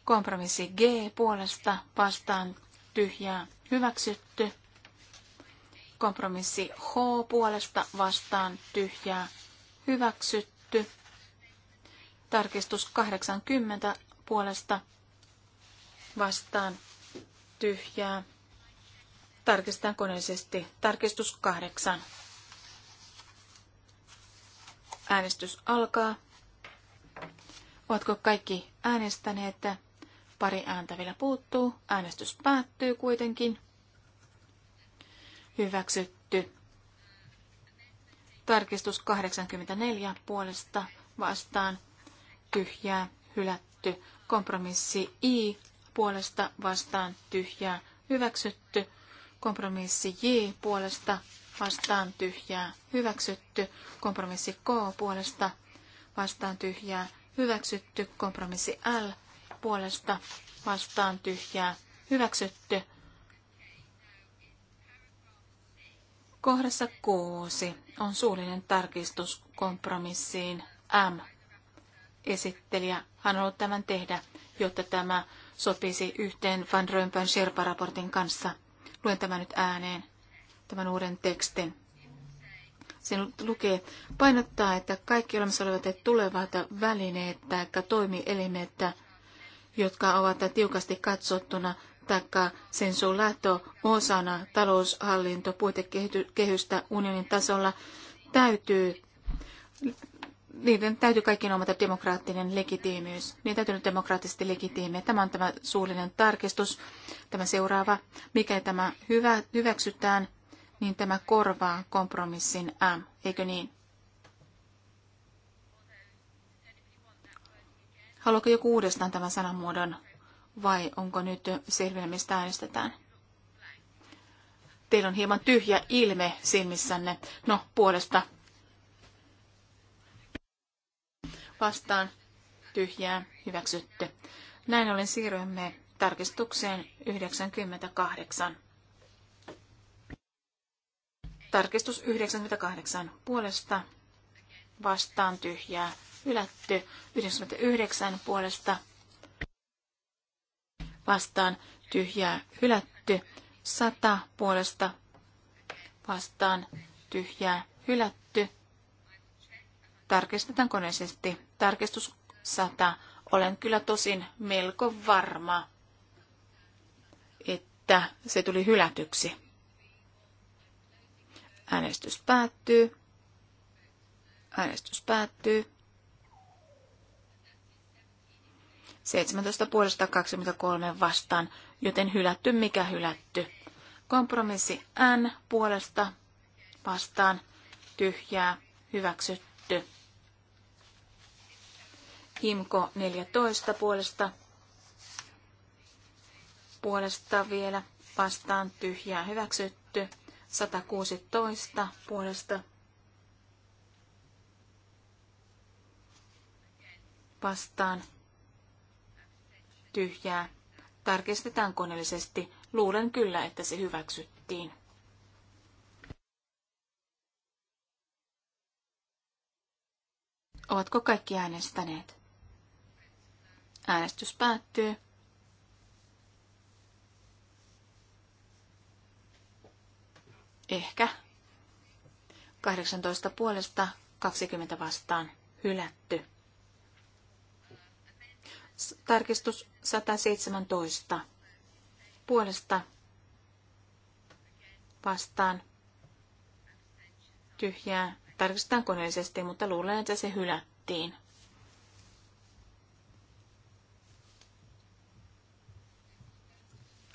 Kompromissi G puolesta vastaan tyhjää hyväksytty. Kompromissi H puolesta vastaan tyhjää hyväksytty. Tarkistus 80 puolesta vastaan tyhjää. Tarkistetaan koneellisesti. Tarkistus 8. Äänestys alkaa. Ovatko kaikki äänestäneet? Pari ääntä vielä puuttuu. Äänestys päättyy kuitenkin. Hyväksytty Tarkistus 84 puolesta vastaan tyhjää hylätty. Kompromissi I puolesta vastaan tyhjää hyväksytty. Kompromissi J puolesta vastaan tyhjää hyväksytty. Kompromissi K puolesta vastaan tyhjää hyväksytty. Kompromissi L puolesta vastaan tyhjää hyväksytty. Kohdassa 6 on suullinen tarkistus kompromissiin M. Esittelijä hän on ollut tämän tehdä, jotta tämä sopisi yhteen Van Römpön Sherpa-raportin kanssa. Luen tämän nyt ääneen, tämän uuden tekstin. Sen lukee, painottaa, että kaikki olemassa olevat tulevat välineet tai toimielimet, jotka ovat tiukasti katsottuna taikka sen suun lähtö osana puitekehystä unionin tasolla täytyy niiden täytyy kaikkien omata demokraattinen legitiimiys. Niiden täytyy olla demokraattisesti legitiimiä. Tämä on tämä suullinen tarkistus, tämä seuraava. mikä tämä hyvä, hyväksytään, niin tämä korvaa kompromissin M, eikö niin? Haluatko joku uudestaan tämän sanamuodon? vai onko nyt selvillä, mistä äänestetään? Teillä on hieman tyhjä ilme silmissänne. No, puolesta vastaan tyhjää hyväksytty. Näin ollen siirrymme tarkistukseen 98. Tarkistus 98 puolesta vastaan tyhjää hylätty. 99 puolesta vastaan tyhjää hylätty. sata puolesta vastaan tyhjää hylätty. Tarkistetaan koneisesti. Tarkistus sata. Olen kyllä tosin melko varma, että se tuli hylätyksi. Äänestys päättyy. Äänestys päättyy. 17 puolesta 23 vastaan, joten hylätty mikä hylätty. Kompromissi N puolesta vastaan tyhjää hyväksytty. Himko 14 puolesta puolesta vielä vastaan tyhjää hyväksytty. 116 puolesta vastaan tyhjää. Tarkistetaan koneellisesti. Luulen kyllä, että se hyväksyttiin. Ovatko kaikki äänestäneet? Äänestys päättyy. Ehkä. 18 puolesta 20 vastaan hylätty. Tarkistus 117. Puolesta vastaan tyhjää. Tarkistetaan koneellisesti, mutta luulen, että se hylättiin.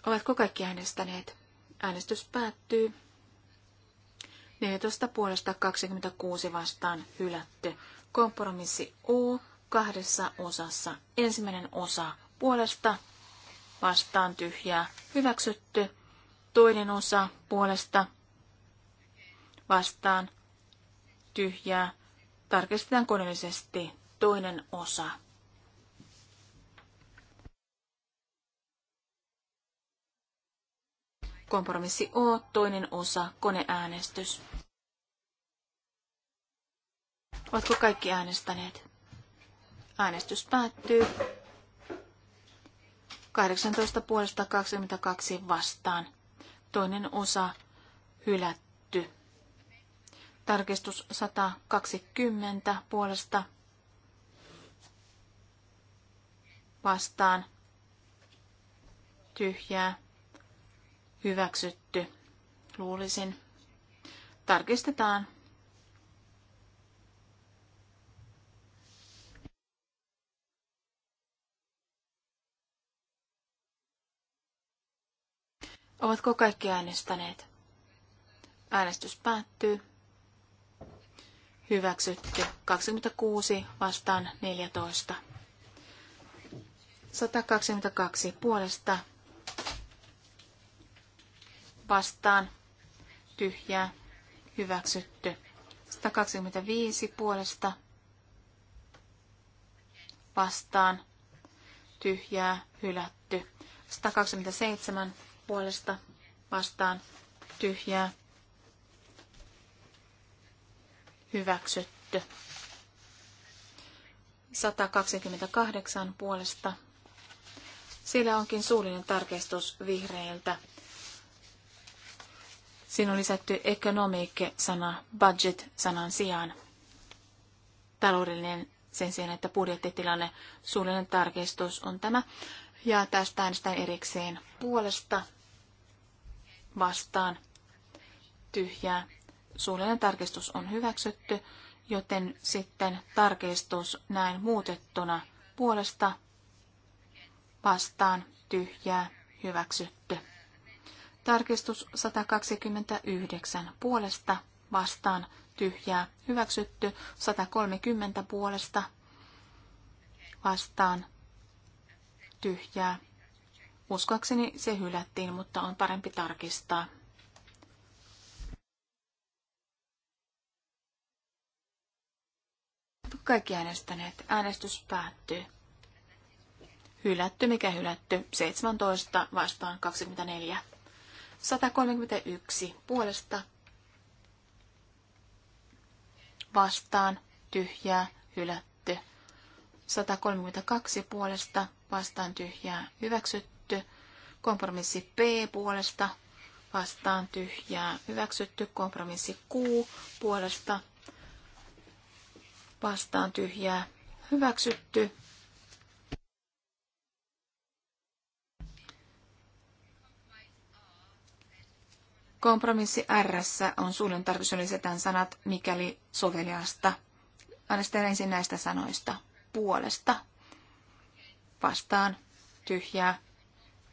Ovatko kaikki äänestäneet? Äänestys päättyy. 14 puolesta 26 vastaan hylätty. Kompromissi U kahdessa osassa. Ensimmäinen osa puolesta vastaan tyhjää hyväksytty. Toinen osa puolesta vastaan tyhjää tarkistetaan koneellisesti. Toinen osa. Kompromissi O, toinen osa, koneäänestys. Oletko kaikki äänestäneet? Äänestys päättyy. 18 puolesta 22 vastaan. Toinen osa hylätty. Tarkistus 120 puolesta vastaan. Tyhjää. Hyväksytty. Luulisin. Tarkistetaan Ovatko kaikki äänestäneet? Äänestys päättyy. Hyväksytty. 26 vastaan 14. 122 puolesta vastaan tyhjää hyväksytty. 125 puolesta vastaan tyhjää hylätty. 127 puolesta vastaan tyhjää hyväksytty. 128 puolesta. siellä onkin suullinen tarkistus vihreiltä. Siinä on lisätty economic-sana budget-sanan sijaan. Taloudellinen sen sijaan, että budjettitilanne, suullinen tarkistus on tämä. Ja tästä äänestän erikseen puolesta vastaan tyhjää. Suullinen tarkistus on hyväksytty, joten sitten tarkistus näin muutettuna puolesta vastaan tyhjää hyväksytty. Tarkistus 129 puolesta vastaan tyhjää hyväksytty, 130 puolesta vastaan tyhjää. Uskoakseni se hylättiin, mutta on parempi tarkistaa. Kaikki äänestäneet. Äänestys päättyy. Hylätty mikä hylätty. 17 vastaan 24. 131 puolesta vastaan tyhjää hylätty. 132 puolesta vastaan tyhjää hyväksytty. Kompromissi P puolesta vastaan tyhjää hyväksytty. Kompromissi Q puolesta vastaan tyhjää hyväksytty. Kompromissi R on suullinen tarkoitus, lisätään sanat, mikäli soveliasta. Äänestetään ensin näistä sanoista puolesta vastaan tyhjää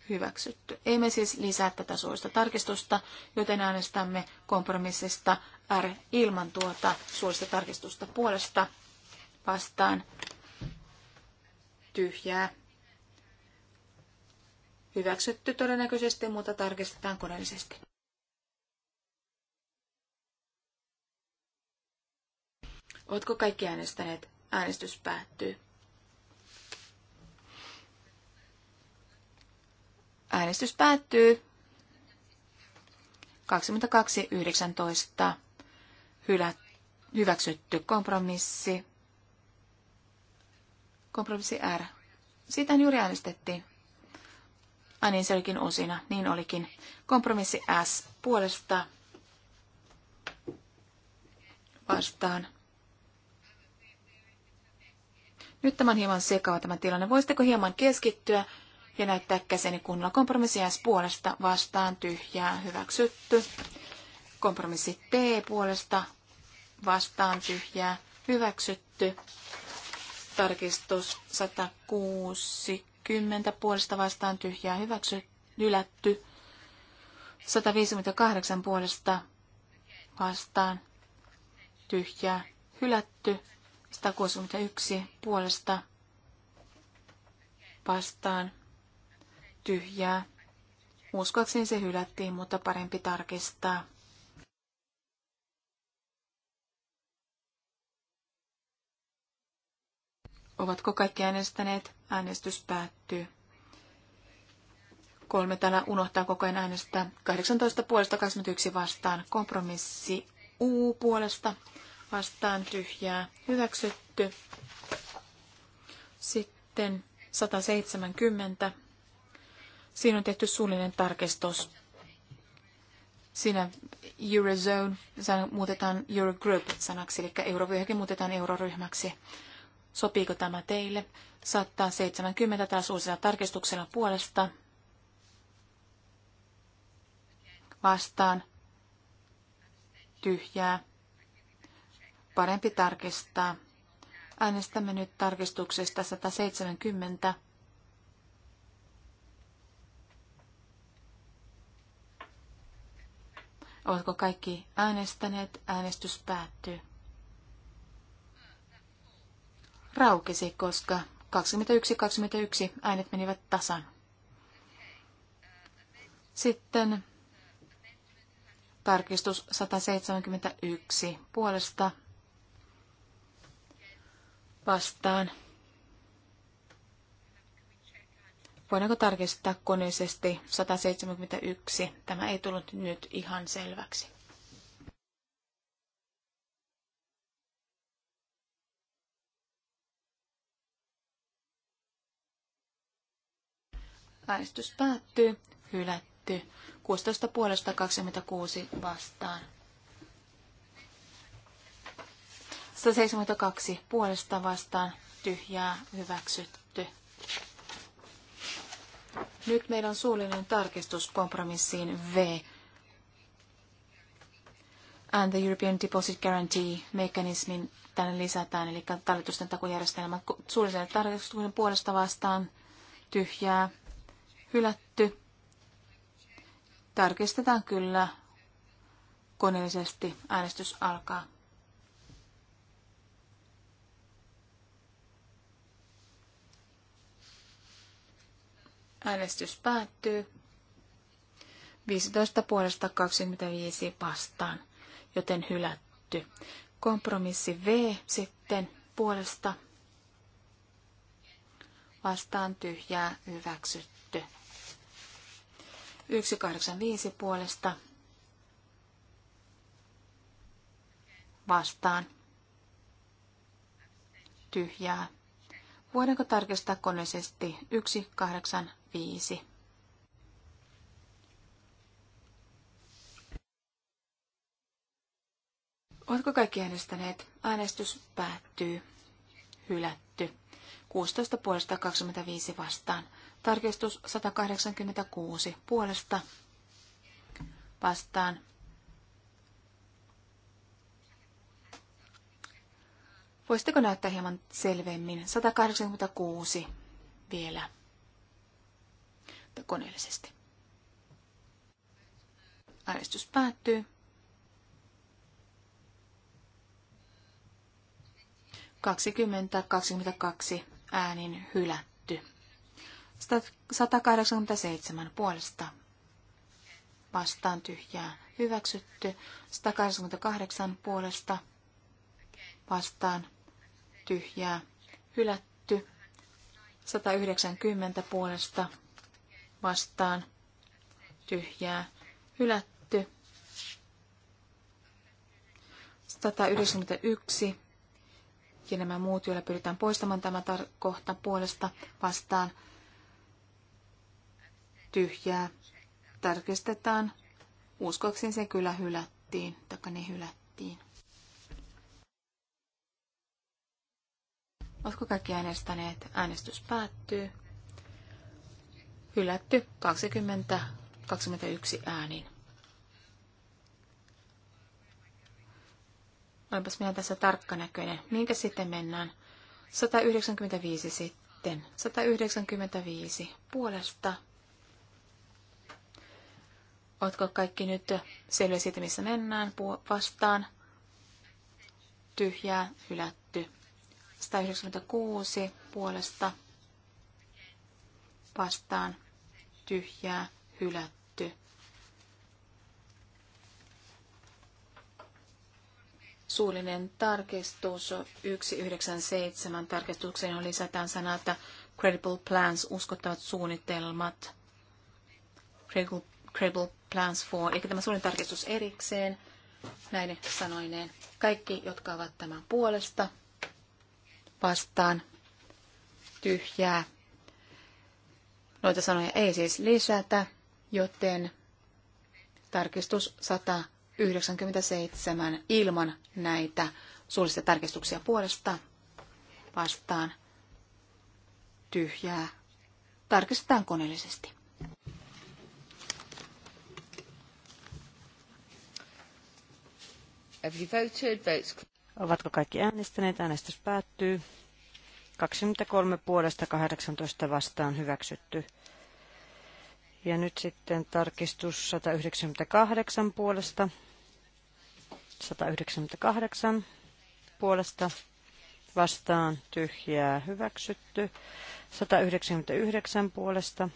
hyväksytty. me siis lisää tätä suosta tarkistusta, joten äänestämme kompromissista R ilman tuota suosta tarkistusta puolesta vastaan tyhjää. Hyväksytty todennäköisesti, mutta tarkistetaan koneellisesti. Ootko kaikki äänestäneet? Äänestys päättyy. Äänestys päättyy 22.19. Hylä, hyväksytty kompromissi. Kompromissi R. Siitähän juuri äänestettiin. Ai niin, se olikin osina. Niin olikin. Kompromissi S puolesta vastaan. Nyt tämä on hieman sekava tämä tilanne. Voisitteko hieman keskittyä ja näyttää käseni kunnolla. Kompromissi S puolesta vastaan tyhjää hyväksytty. Kompromissi T puolesta vastaan tyhjää hyväksytty. Tarkistus 160 puolesta vastaan tyhjää hyväksytty. hylätty. 158 puolesta vastaan tyhjää hylätty. 161 puolesta vastaan tyhjää. Uskoakseni se hylättiin, mutta parempi tarkistaa. Ovatko kaikki äänestäneet? Äänestys päättyy. Kolme täällä unohtaa koko ajan äänestää. 18 puolesta 21 vastaan. Kompromissi U puolesta vastaan tyhjää. Hyväksytty. Sitten 170 Siinä on tehty suullinen tarkistus. Siinä Eurozone muutetaan Eurogroup sanaksi, eli eurovyöhyke muutetaan euroryhmäksi. Sopiiko tämä teille? 170 taas uusilla tarkistuksella puolesta. Vastaan. Tyhjää. Parempi tarkistaa. Äänestämme nyt tarkistuksesta 170. Oletko kaikki äänestäneet? Äänestys päättyy. Raukesi, koska 21-21 äänet menivät tasan. Sitten tarkistus 171 puolesta vastaan Voidaanko tarkistaa koneisesti 171? Tämä ei tullut nyt ihan selväksi. Äänestys päättyy. Hylätty. 16 puolesta 26 vastaan. 172 puolesta vastaan. Tyhjää hyväksytty. Nyt meillä on suullinen tarkistus kompromissiin V. And the European Deposit Guarantee mekanismin tänne lisätään, eli talletusten takujärjestelmä suullisen tarkistuksen puolesta vastaan tyhjää, hylätty. Tarkistetaan kyllä koneellisesti. Äänestys alkaa. Äänestys päättyy. 15 puolesta 25 vastaan, joten hylätty. Kompromissi V sitten puolesta vastaan tyhjää hyväksytty. 185 puolesta vastaan tyhjää. Voidaanko tarkistaa koneisesti 185? 5. Oletko kaikki äänestäneet? Äänestys päättyy. Hylätty. 16 puolesta 25 vastaan. Tarkistus 186 puolesta vastaan. Voisitteko näyttää hieman selvemmin? 186 vielä koneellisesti. Äänestys päättyy. 20-22 äänin hylätty. 187 puolesta vastaan tyhjää hyväksytty. 188 puolesta vastaan tyhjää hylätty. 190 puolesta vastaan tyhjää hylätty. 191 ja nämä muut, joilla pyritään poistamaan tämä tar- kohta puolesta vastaan tyhjää. Tarkistetaan. Uskoakseni se kyllä hylättiin, taikka ne hylättiin. Oletko kaikki äänestäneet? Äänestys päättyy hylätty 20, 21 äänin. Olenpas minä tässä tarkkanäköinen. Minkä sitten mennään? 195 sitten. 195 puolesta. Ootko kaikki nyt selviä siitä, missä mennään vastaan? Tyhjää, hylätty. 196 puolesta vastaan tyhjää, hylätty. Suullinen tarkistus 197 tarkistukseen lisätään sanat credible plans, uskottavat suunnitelmat. Credible, credible plans for, eikä tämä suullinen tarkistus erikseen, näin sanoineen. Kaikki, jotka ovat tämän puolesta, vastaan, tyhjää, Noita sanoja ei siis lisätä, joten tarkistus 197 ilman näitä suullisia tarkistuksia puolesta vastaan tyhjää. Tarkistetaan koneellisesti. Have you voted? Votes... Ovatko kaikki äänestäneet? Äänestys päättyy. 23 puolesta 18 vastaan hyväksytty. Ja nyt sitten tarkistus 198 puolesta. 198 puolesta vastaan tyhjää hyväksytty. 199 puolesta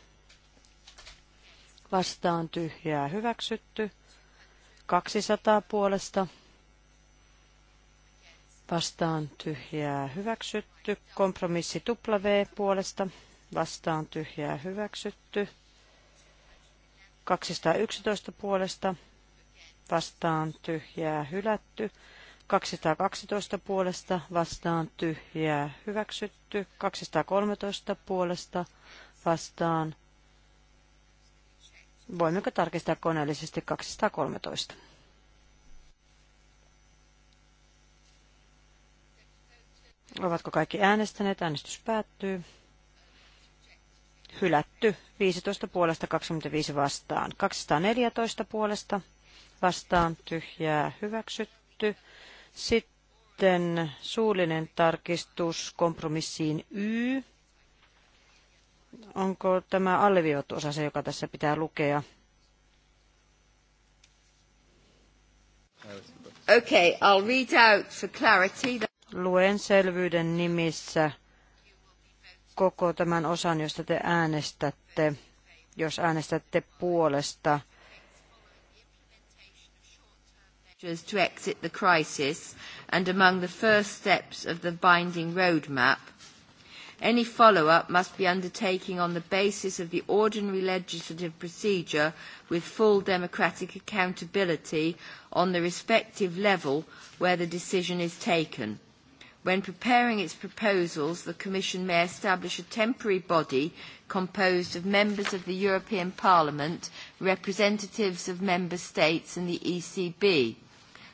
vastaan tyhjää hyväksytty. 200 puolesta vastaan tyhjää hyväksytty. Kompromissi W puolesta vastaan tyhjää hyväksytty. 211 puolesta vastaan tyhjää hylätty. 212 puolesta vastaan tyhjää hyväksytty. 213 puolesta vastaan. Voimmeko tarkistaa koneellisesti 213? Ovatko kaikki äänestäneet? Äänestys päättyy. Hylätty. 15 puolesta 25 vastaan. 214 puolesta vastaan tyhjää hyväksytty. Sitten suullinen tarkistus kompromissiin Y. Onko tämä alleviivattu osa se, joka tässä pitää lukea? Okay, I'll read out for clarity luen selvyyden nimissä koko tämän osan, josta te äänestätte, jos äänestätte puolesta. To exit the crisis and among the first steps of the binding roadmap, Any follow-up must be undertaken on the basis of the ordinary legislative procedure with full democratic accountability on the respective level where the decision is taken. When preparing its proposals, the Commission may establish a temporary body composed of members of the European Parliament, representatives of Member States and the ECB.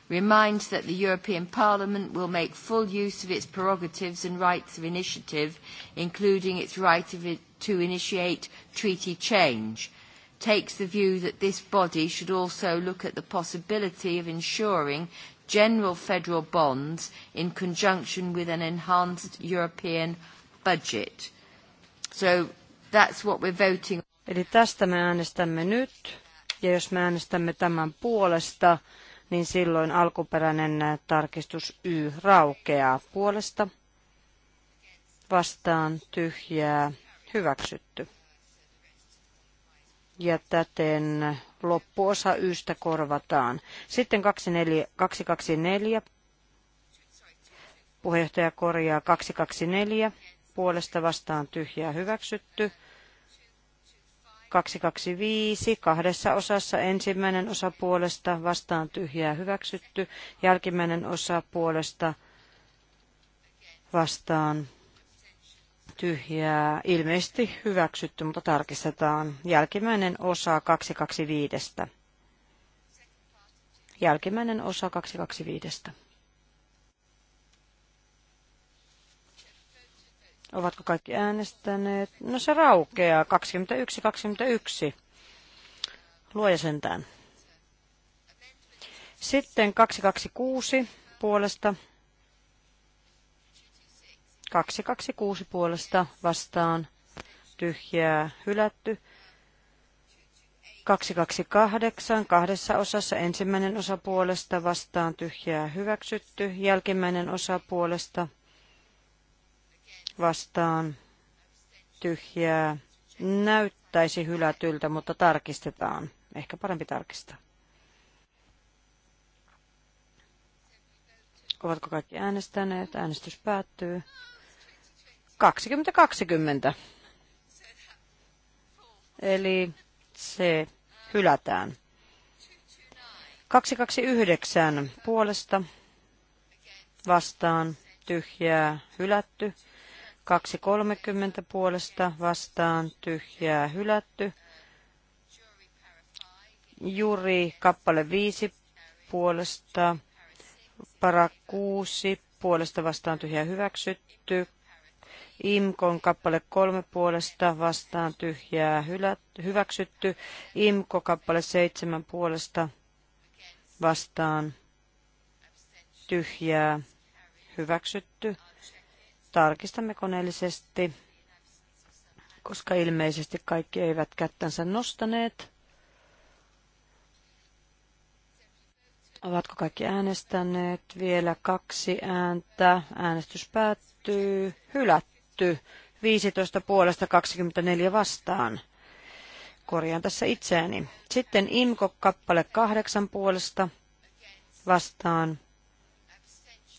Reminds that the European Parliament will make full use of its prerogatives and rights of initiative, including its right of it to initiate treaty change takes the view that this body should also look at the possibility of ensuring general federal bonds in conjunction with an enhanced European budget. So that's what we're voting. Eli tästä me äänestämme nyt, ja jos me äänestämme tämän puolesta, niin silloin alkuperäinen tarkistus Y raukeaa puolesta vastaan tyhjää hyväksytty. Ja täten loppuosa ystä korvataan. Sitten 24, 224, puheenjohtaja korjaa 224, puolesta vastaan tyhjää hyväksytty. 225, kahdessa osassa ensimmäinen osa puolesta vastaan tyhjää hyväksytty, jälkimmäinen osa puolesta vastaan tyhjää, ilmeisesti hyväksytty, mutta tarkistetaan. Jälkimmäinen osa 225. Jälkimmäinen osa 225. Ovatko kaikki äänestäneet? No se raukeaa. 21, 21. Luoja sentään. Sitten 226 puolesta 226 puolesta vastaan tyhjää hylätty. 228 kahdessa osassa ensimmäinen osa puolesta vastaan tyhjää hyväksytty, jälkimmäinen osa puolesta vastaan tyhjää näyttäisi hylätyltä, mutta tarkistetaan. Ehkä parempi tarkistaa. Ovatko kaikki äänestäneet? Äänestys päättyy. 2020. Eli se hylätään. 229 puolesta vastaan tyhjää hylätty. 230 puolesta vastaan tyhjää hylätty. Juri kappale 5 puolesta, para 6 puolesta vastaan tyhjää hyväksytty, IMKON kappale kolme puolesta vastaan tyhjää hyväksytty. IMKO kappale seitsemän puolesta vastaan tyhjää hyväksytty. Tarkistamme koneellisesti, koska ilmeisesti kaikki eivät kättänsä nostaneet. Ovatko kaikki äänestäneet? Vielä kaksi ääntä. Äänestys päättyy. Hylät hylätty 15 puolesta 24 vastaan. Korjaan tässä itseäni. Sitten Imko kappale 8 puolesta vastaan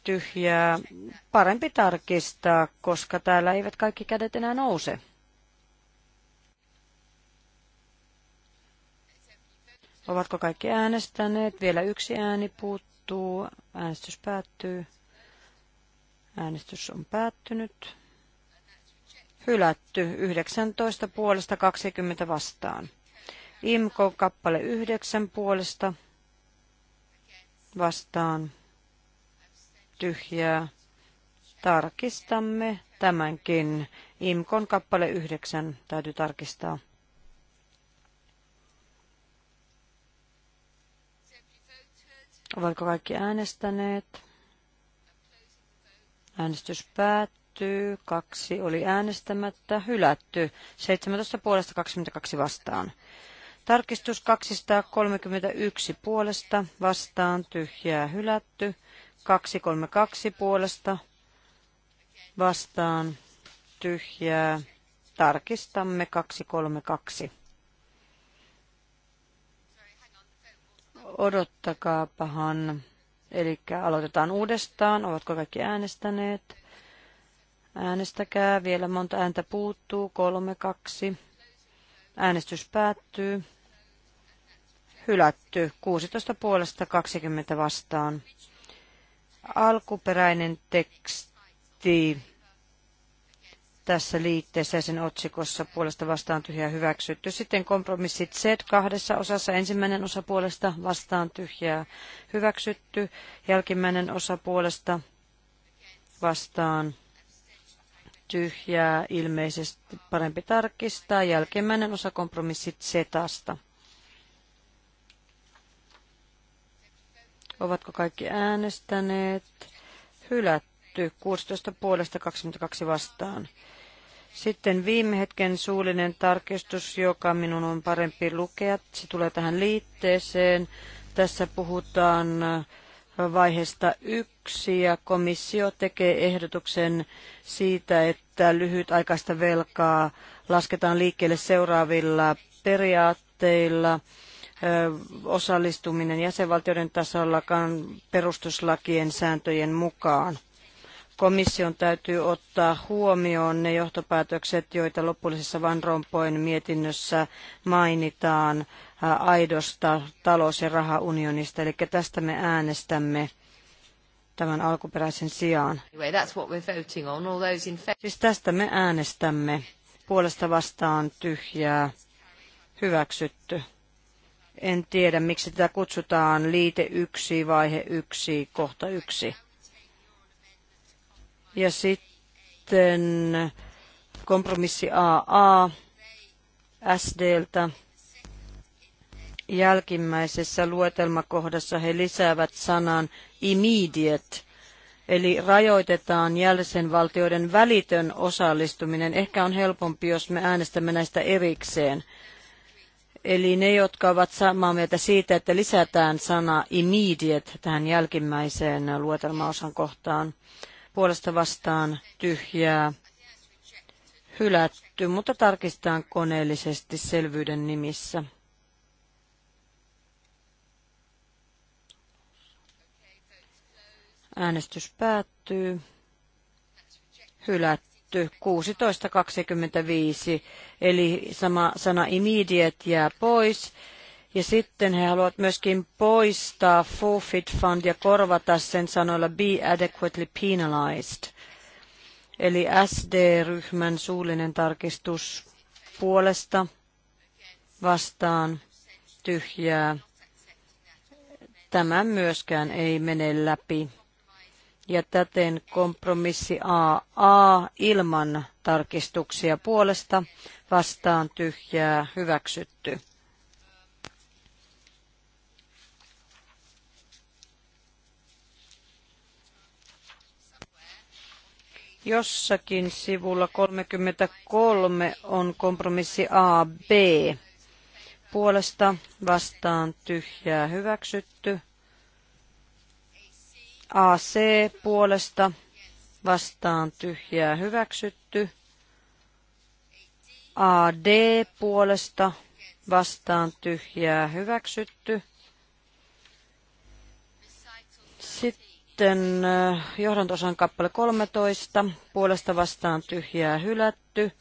tyhjää. Parempi tarkistaa, koska täällä eivät kaikki kädet enää nouse. Ovatko kaikki äänestäneet? Vielä yksi ääni puuttuu. Äänestys päättyy. Äänestys on päättynyt. Hylätty 19 puolesta 20 vastaan. Imko kappale 9 puolesta vastaan. Tyhjää. Tarkistamme tämänkin. Imkon kappale 9 täytyy tarkistaa. Ovatko kaikki äänestäneet? Äänestys päättyy päättyy, kaksi oli äänestämättä, hylätty, 17 puolesta 22 vastaan. Tarkistus 231 puolesta vastaan, tyhjää hylätty, 232 puolesta vastaan, tyhjää. Tarkistamme 232. Odottakaapahan. Eli aloitetaan uudestaan. Ovatko kaikki äänestäneet? Äänestäkää. Vielä monta ääntä puuttuu. Kolme, kaksi. Äänestys päättyy. Hylätty. 16 puolesta 20 vastaan. Alkuperäinen teksti tässä liitteessä ja sen otsikossa puolesta vastaan tyhjää hyväksytty. Sitten kompromissit Z kahdessa osassa. Ensimmäinen osa puolesta vastaan tyhjää hyväksytty. Jälkimmäinen osa puolesta vastaan tyhjää, ilmeisesti parempi tarkistaa. Jälkimmäinen osa kompromissit setasta. Ovatko kaikki äänestäneet? Hylätty. 16 puolesta 22 vastaan. Sitten viime hetken suullinen tarkistus, joka minun on parempi lukea. Se tulee tähän liitteeseen. Tässä puhutaan vaiheesta yksi ja komissio tekee ehdotuksen siitä, että lyhytaikaista velkaa lasketaan liikkeelle seuraavilla periaatteilla osallistuminen jäsenvaltioiden tasolla perustuslakien sääntöjen mukaan komission täytyy ottaa huomioon ne johtopäätökset, joita lopullisessa Van Rompuyn mietinnössä mainitaan aidosta talous- ja rahaunionista. Eli tästä me äänestämme tämän alkuperäisen sijaan. Siis tästä me äänestämme. Puolesta vastaan tyhjää. Hyväksytty. En tiedä, miksi tätä kutsutaan liite yksi vaihe yksi kohta yksi. Ja sitten kompromissi AA SDltä. Jälkimmäisessä luetelmakohdassa he lisäävät sanan immediate, eli rajoitetaan jäsenvaltioiden välitön osallistuminen. Ehkä on helpompi, jos me äänestämme näistä erikseen. Eli ne, jotka ovat samaa mieltä siitä, että lisätään sana immediate tähän jälkimmäiseen luetelmaosan kohtaan puolesta vastaan tyhjää hylätty, mutta tarkistetaan koneellisesti selvyyden nimissä. Äänestys päättyy. Hylätty 16.25, eli sama sana immediate jää pois. Ja sitten he haluavat myöskin poistaa forfeit fund ja korvata sen sanoilla be adequately penalized. Eli SD-ryhmän suullinen tarkistus puolesta vastaan tyhjää. Tämä myöskään ei mene läpi. Ja täten kompromissi AA ilman tarkistuksia puolesta vastaan tyhjää hyväksytty. Jossakin sivulla 33 on kompromissi AB. Puolesta vastaan tyhjää hyväksytty. AC puolesta vastaan tyhjää hyväksytty. AD puolesta vastaan tyhjää hyväksytty. Sitten sitten johdantosan kappale 13, puolesta vastaan tyhjää hylätty.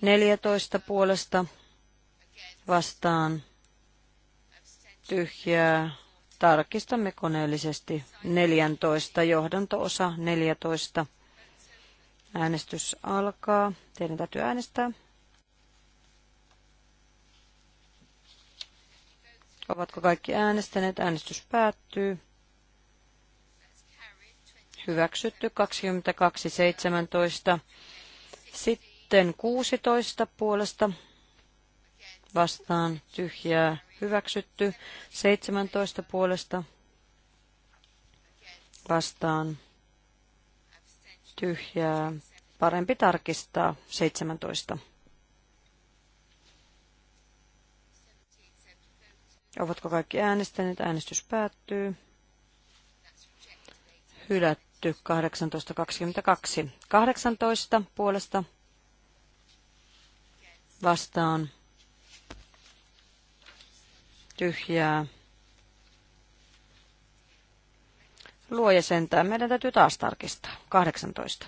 14 puolesta vastaan tyhjää. Tarkistamme koneellisesti 14, johdantoosa 14. Äänestys alkaa. Teidän täytyy äänestää. Ovatko kaikki äänestäneet? Äänestys päättyy hyväksytty 22.17. Sitten 16 puolesta vastaan tyhjää hyväksytty 17 puolesta vastaan tyhjää. Parempi tarkistaa 17. Ovatko kaikki äänestäneet? Äänestys päättyy. Hylätty hylätty 18.22. 18 puolesta vastaan tyhjää. Luoja sentään. Meidän täytyy taas tarkistaa. 18.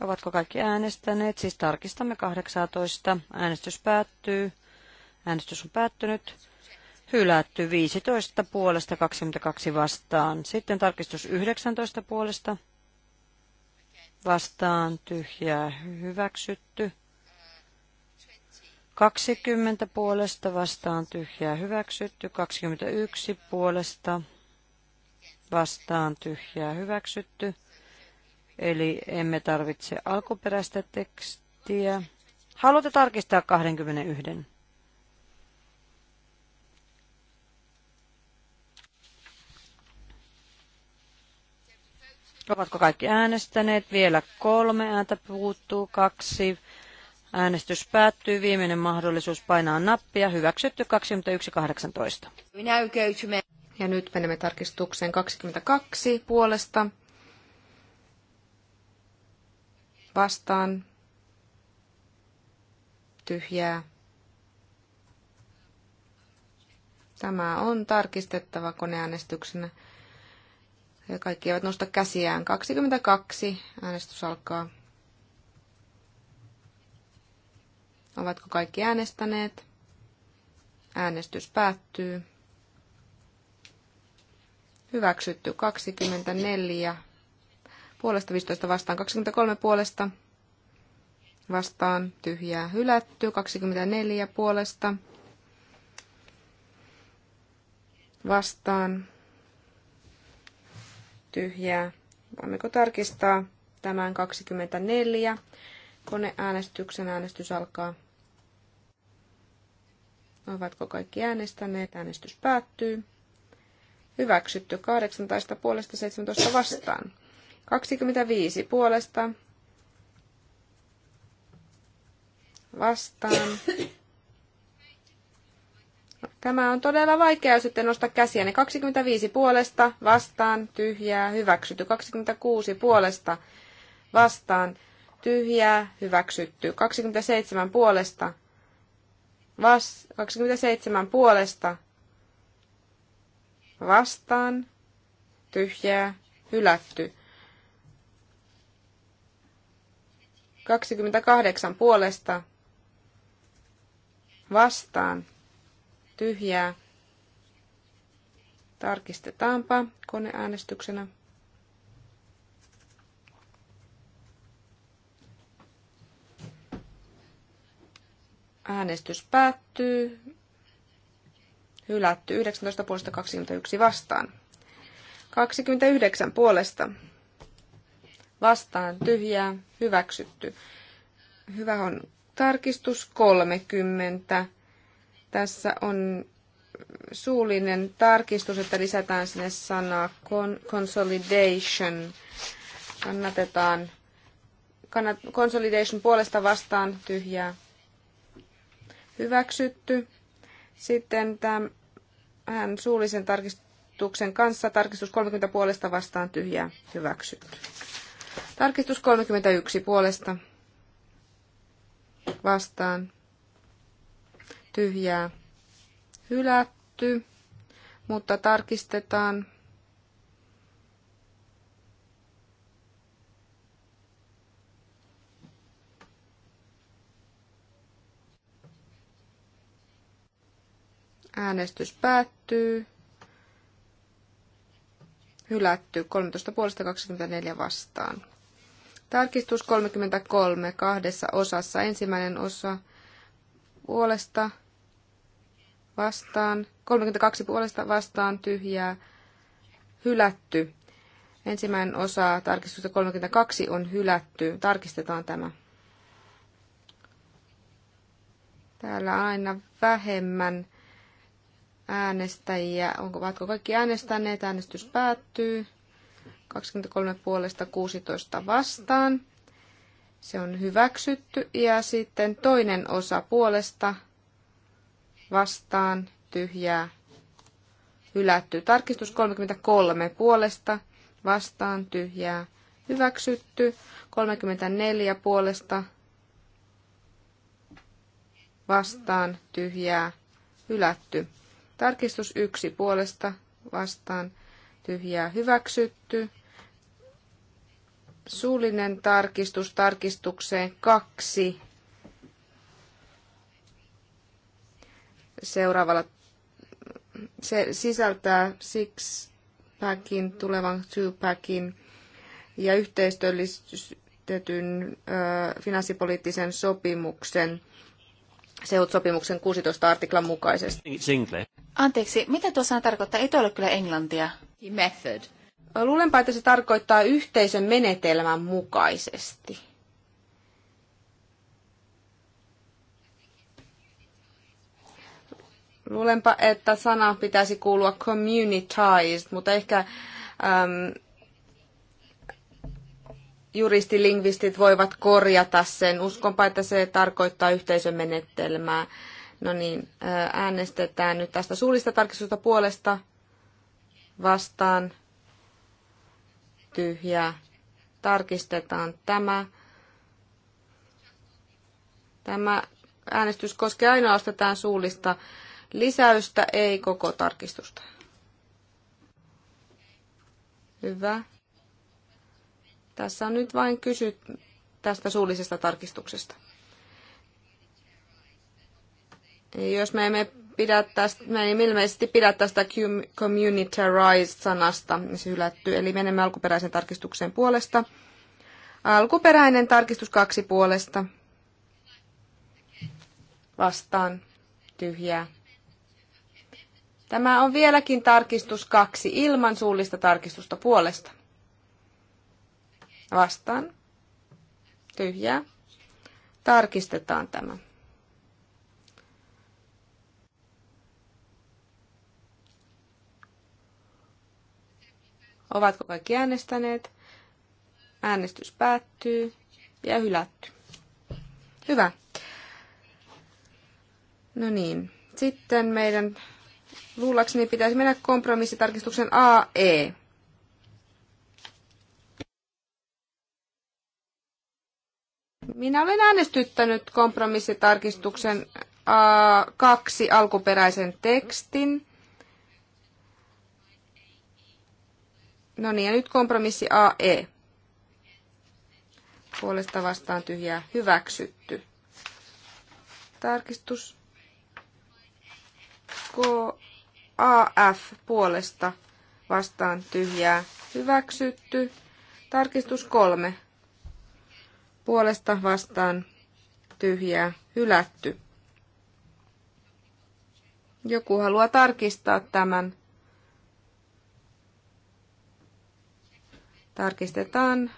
Ovatko kaikki äänestäneet? Siis tarkistamme 18. Äänestys päättyy. Äänestys on päättynyt hylätty 15 puolesta 22 vastaan. Sitten tarkistus 19 puolesta vastaan tyhjää hyväksytty. 20 puolesta vastaan tyhjää hyväksytty. 21 puolesta vastaan tyhjää hyväksytty. Eli emme tarvitse alkuperäistä tekstiä. Haluatte tarkistaa 21? Ovatko kaikki äänestäneet? Vielä kolme ääntä puuttuu, kaksi. Äänestys päättyy. Viimeinen mahdollisuus painaa nappia. Hyväksytty 21.18. Ja nyt menemme tarkistukseen 22 puolesta. Vastaan. Tyhjää. Tämä on tarkistettava koneäänestyksenä. Kaikki eivät nosta käsiään. 22. Äänestys alkaa. Ovatko kaikki äänestäneet? Äänestys päättyy. Hyväksytty 24. Puolesta 15 vastaan 23 puolesta. Vastaan tyhjää hylätty 24 puolesta. Vastaan tyhjää. Voimmeko tarkistaa tämän 24? Koneäänestyksen äänestys alkaa. Ovatko kaikki äänestäneet? Äänestys päättyy. Hyväksytty 18 puolesta 17 vastaan. 25 puolesta vastaan Tämä on todella vaikeaa, jos ette nosta käsiä. Ne niin 25 puolesta, vastaan, tyhjää, hyväksytty. 26 puolesta, vastaan, tyhjää, hyväksytty. 27 puolesta, vas, 27 puolesta, vastaan, tyhjää, hylätty. 28 puolesta, vastaan, tyhjää. Tarkistetaanpa koneäänestyksenä. Äänestys päättyy. Hylätty 19 puolesta 21 vastaan. 29 puolesta vastaan tyhjää hyväksytty. Hyvä on tarkistus 30 tässä on suullinen tarkistus, että lisätään sinne sanaa consolidation. Kannatetaan kannat, consolidation puolesta vastaan tyhjää. Hyväksytty. Sitten tämän suullisen tarkistuksen kanssa tarkistus 30 puolesta vastaan tyhjää. Hyväksytty. Tarkistus 31 puolesta vastaan tyhjää hylätty, mutta tarkistetaan. Äänestys päättyy. Hylätty 13 puolesta 24 vastaan. Tarkistus 33 kahdessa osassa. Ensimmäinen osa puolesta vastaan, 32 puolesta vastaan tyhjää hylätty. Ensimmäinen osa tarkistusta 32 on hylätty. Tarkistetaan tämä. Täällä aina vähemmän äänestäjiä. Onko vaatko kaikki äänestäneet? Äänestys päättyy. 23 puolesta 16 vastaan. Se on hyväksytty ja sitten toinen osa puolesta vastaan tyhjää hylätty. Tarkistus 33 puolesta vastaan tyhjää hyväksytty. 34 puolesta vastaan tyhjää hylätty. Tarkistus 1 puolesta vastaan tyhjää hyväksytty. Suullinen tarkistus tarkistukseen kaksi seuraavalla. Se sisältää six-packin, tulevan two-packin ja yhteistyöllistetyn ö, finanssipoliittisen sopimuksen, SEUT-sopimuksen 16 artiklan mukaisesti. Anteeksi, mitä tuossa tarkoittaa? Ei tuo ole kyllä englantia. Method. Luulenpa, että se tarkoittaa yhteisön menetelmän mukaisesti. Luulenpa, että sana pitäisi kuulua communitized, mutta ehkä äm, juristilingvistit voivat korjata sen. Uskonpa, että se tarkoittaa menetelmää, No niin, äänestetään nyt tästä suullista tarkistusta puolesta vastaan tyhjää. Tarkistetaan tämä. Tämä äänestys koskee ainoastaan tämän suullista lisäystä, ei koko tarkistusta. Hyvä. Tässä on nyt vain kysy tästä suullisesta tarkistuksesta. Jos me emme pidä tästä, mä en ilmeisesti pidä tästä communitarized-sanasta, missä hylätty, eli menemme alkuperäisen tarkistukseen puolesta. Alkuperäinen tarkistus kaksi puolesta. Vastaan. Tyhjää. Tämä on vieläkin tarkistus kaksi ilman suullista tarkistusta puolesta. Vastaan. Tyhjää. Tarkistetaan tämä. Ovatko kaikki äänestäneet? Äänestys päättyy ja hylätty. Hyvä. No niin, sitten meidän luulakseni pitäisi mennä kompromissitarkistuksen AE. Minä olen äänestyttänyt kompromissitarkistuksen A2 alkuperäisen tekstin. No niin, ja nyt kompromissi AE. Puolesta vastaan tyhjää hyväksytty. Tarkistus KAF puolesta vastaan tyhjää hyväksytty. Tarkistus kolme puolesta vastaan tyhjää hylätty. Joku haluaa tarkistaa tämän. Tarkistetaan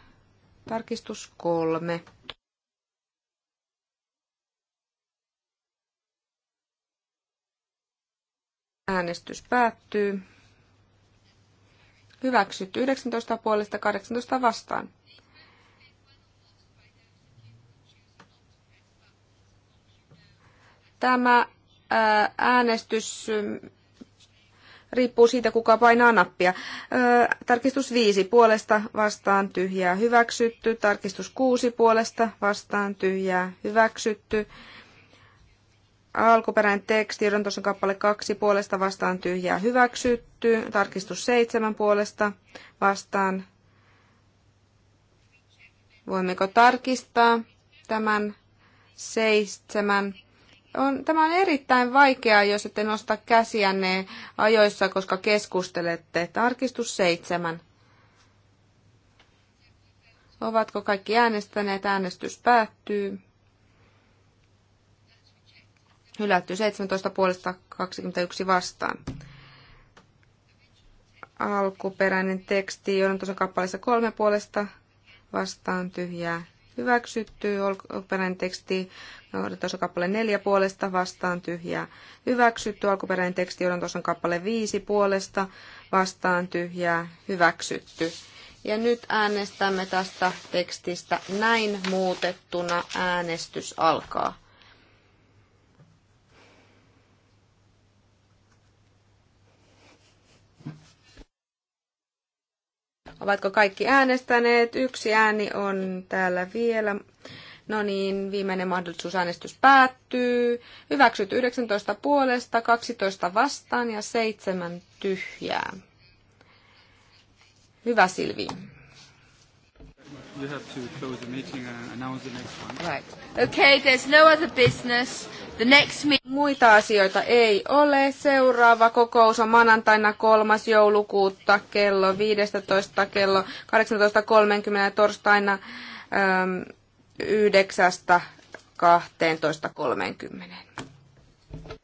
tarkistus kolme. Äänestys päättyy. Hyväksytty 19 puolesta 18 vastaan. Tämä äänestys riippuu siitä, kuka painaa nappia. Tarkistus 5 puolesta vastaan tyhjää hyväksytty. Tarkistus 6 puolesta vastaan tyhjää hyväksytty. Alkuperäinen teksti, Rontoson kappale 2 puolesta vastaan tyhjää hyväksytty. Tarkistus 7 puolesta vastaan. Voimmeko tarkistaa tämän seitsemän? on, tämä on erittäin vaikeaa, jos ette nosta käsiänne ajoissa, koska keskustelette. Tarkistus seitsemän. Ovatko kaikki äänestäneet? Äänestys päättyy. Hylätty 17 puolesta 21 vastaan. Alkuperäinen teksti on tuossa kappaleessa kolme puolesta vastaan tyhjää hyväksytty, alkuperäinen teksti johdantosan kappale 4 puolesta vastaan tyhjää hyväksytty, alkuperäinen teksti johdantosan kappale 5 puolesta vastaan tyhjää hyväksytty. Ja nyt äänestämme tästä tekstistä näin muutettuna. Äänestys alkaa. Ovatko kaikki äänestäneet? Yksi ääni on täällä vielä. No niin, viimeinen mahdollisuus äänestys päättyy. Hyväksyt 19 puolesta, 12 vastaan ja 7 tyhjää. Hyvä Silvi you have to close the meeting and announce the next one. Right. Okay, there's no other business. The next meeting... Muita asioita ei ole. Seuraava kokous on maanantaina 3. joulukuuta kello 15 kello 18.30 ja torstaina äm, 9.12.30.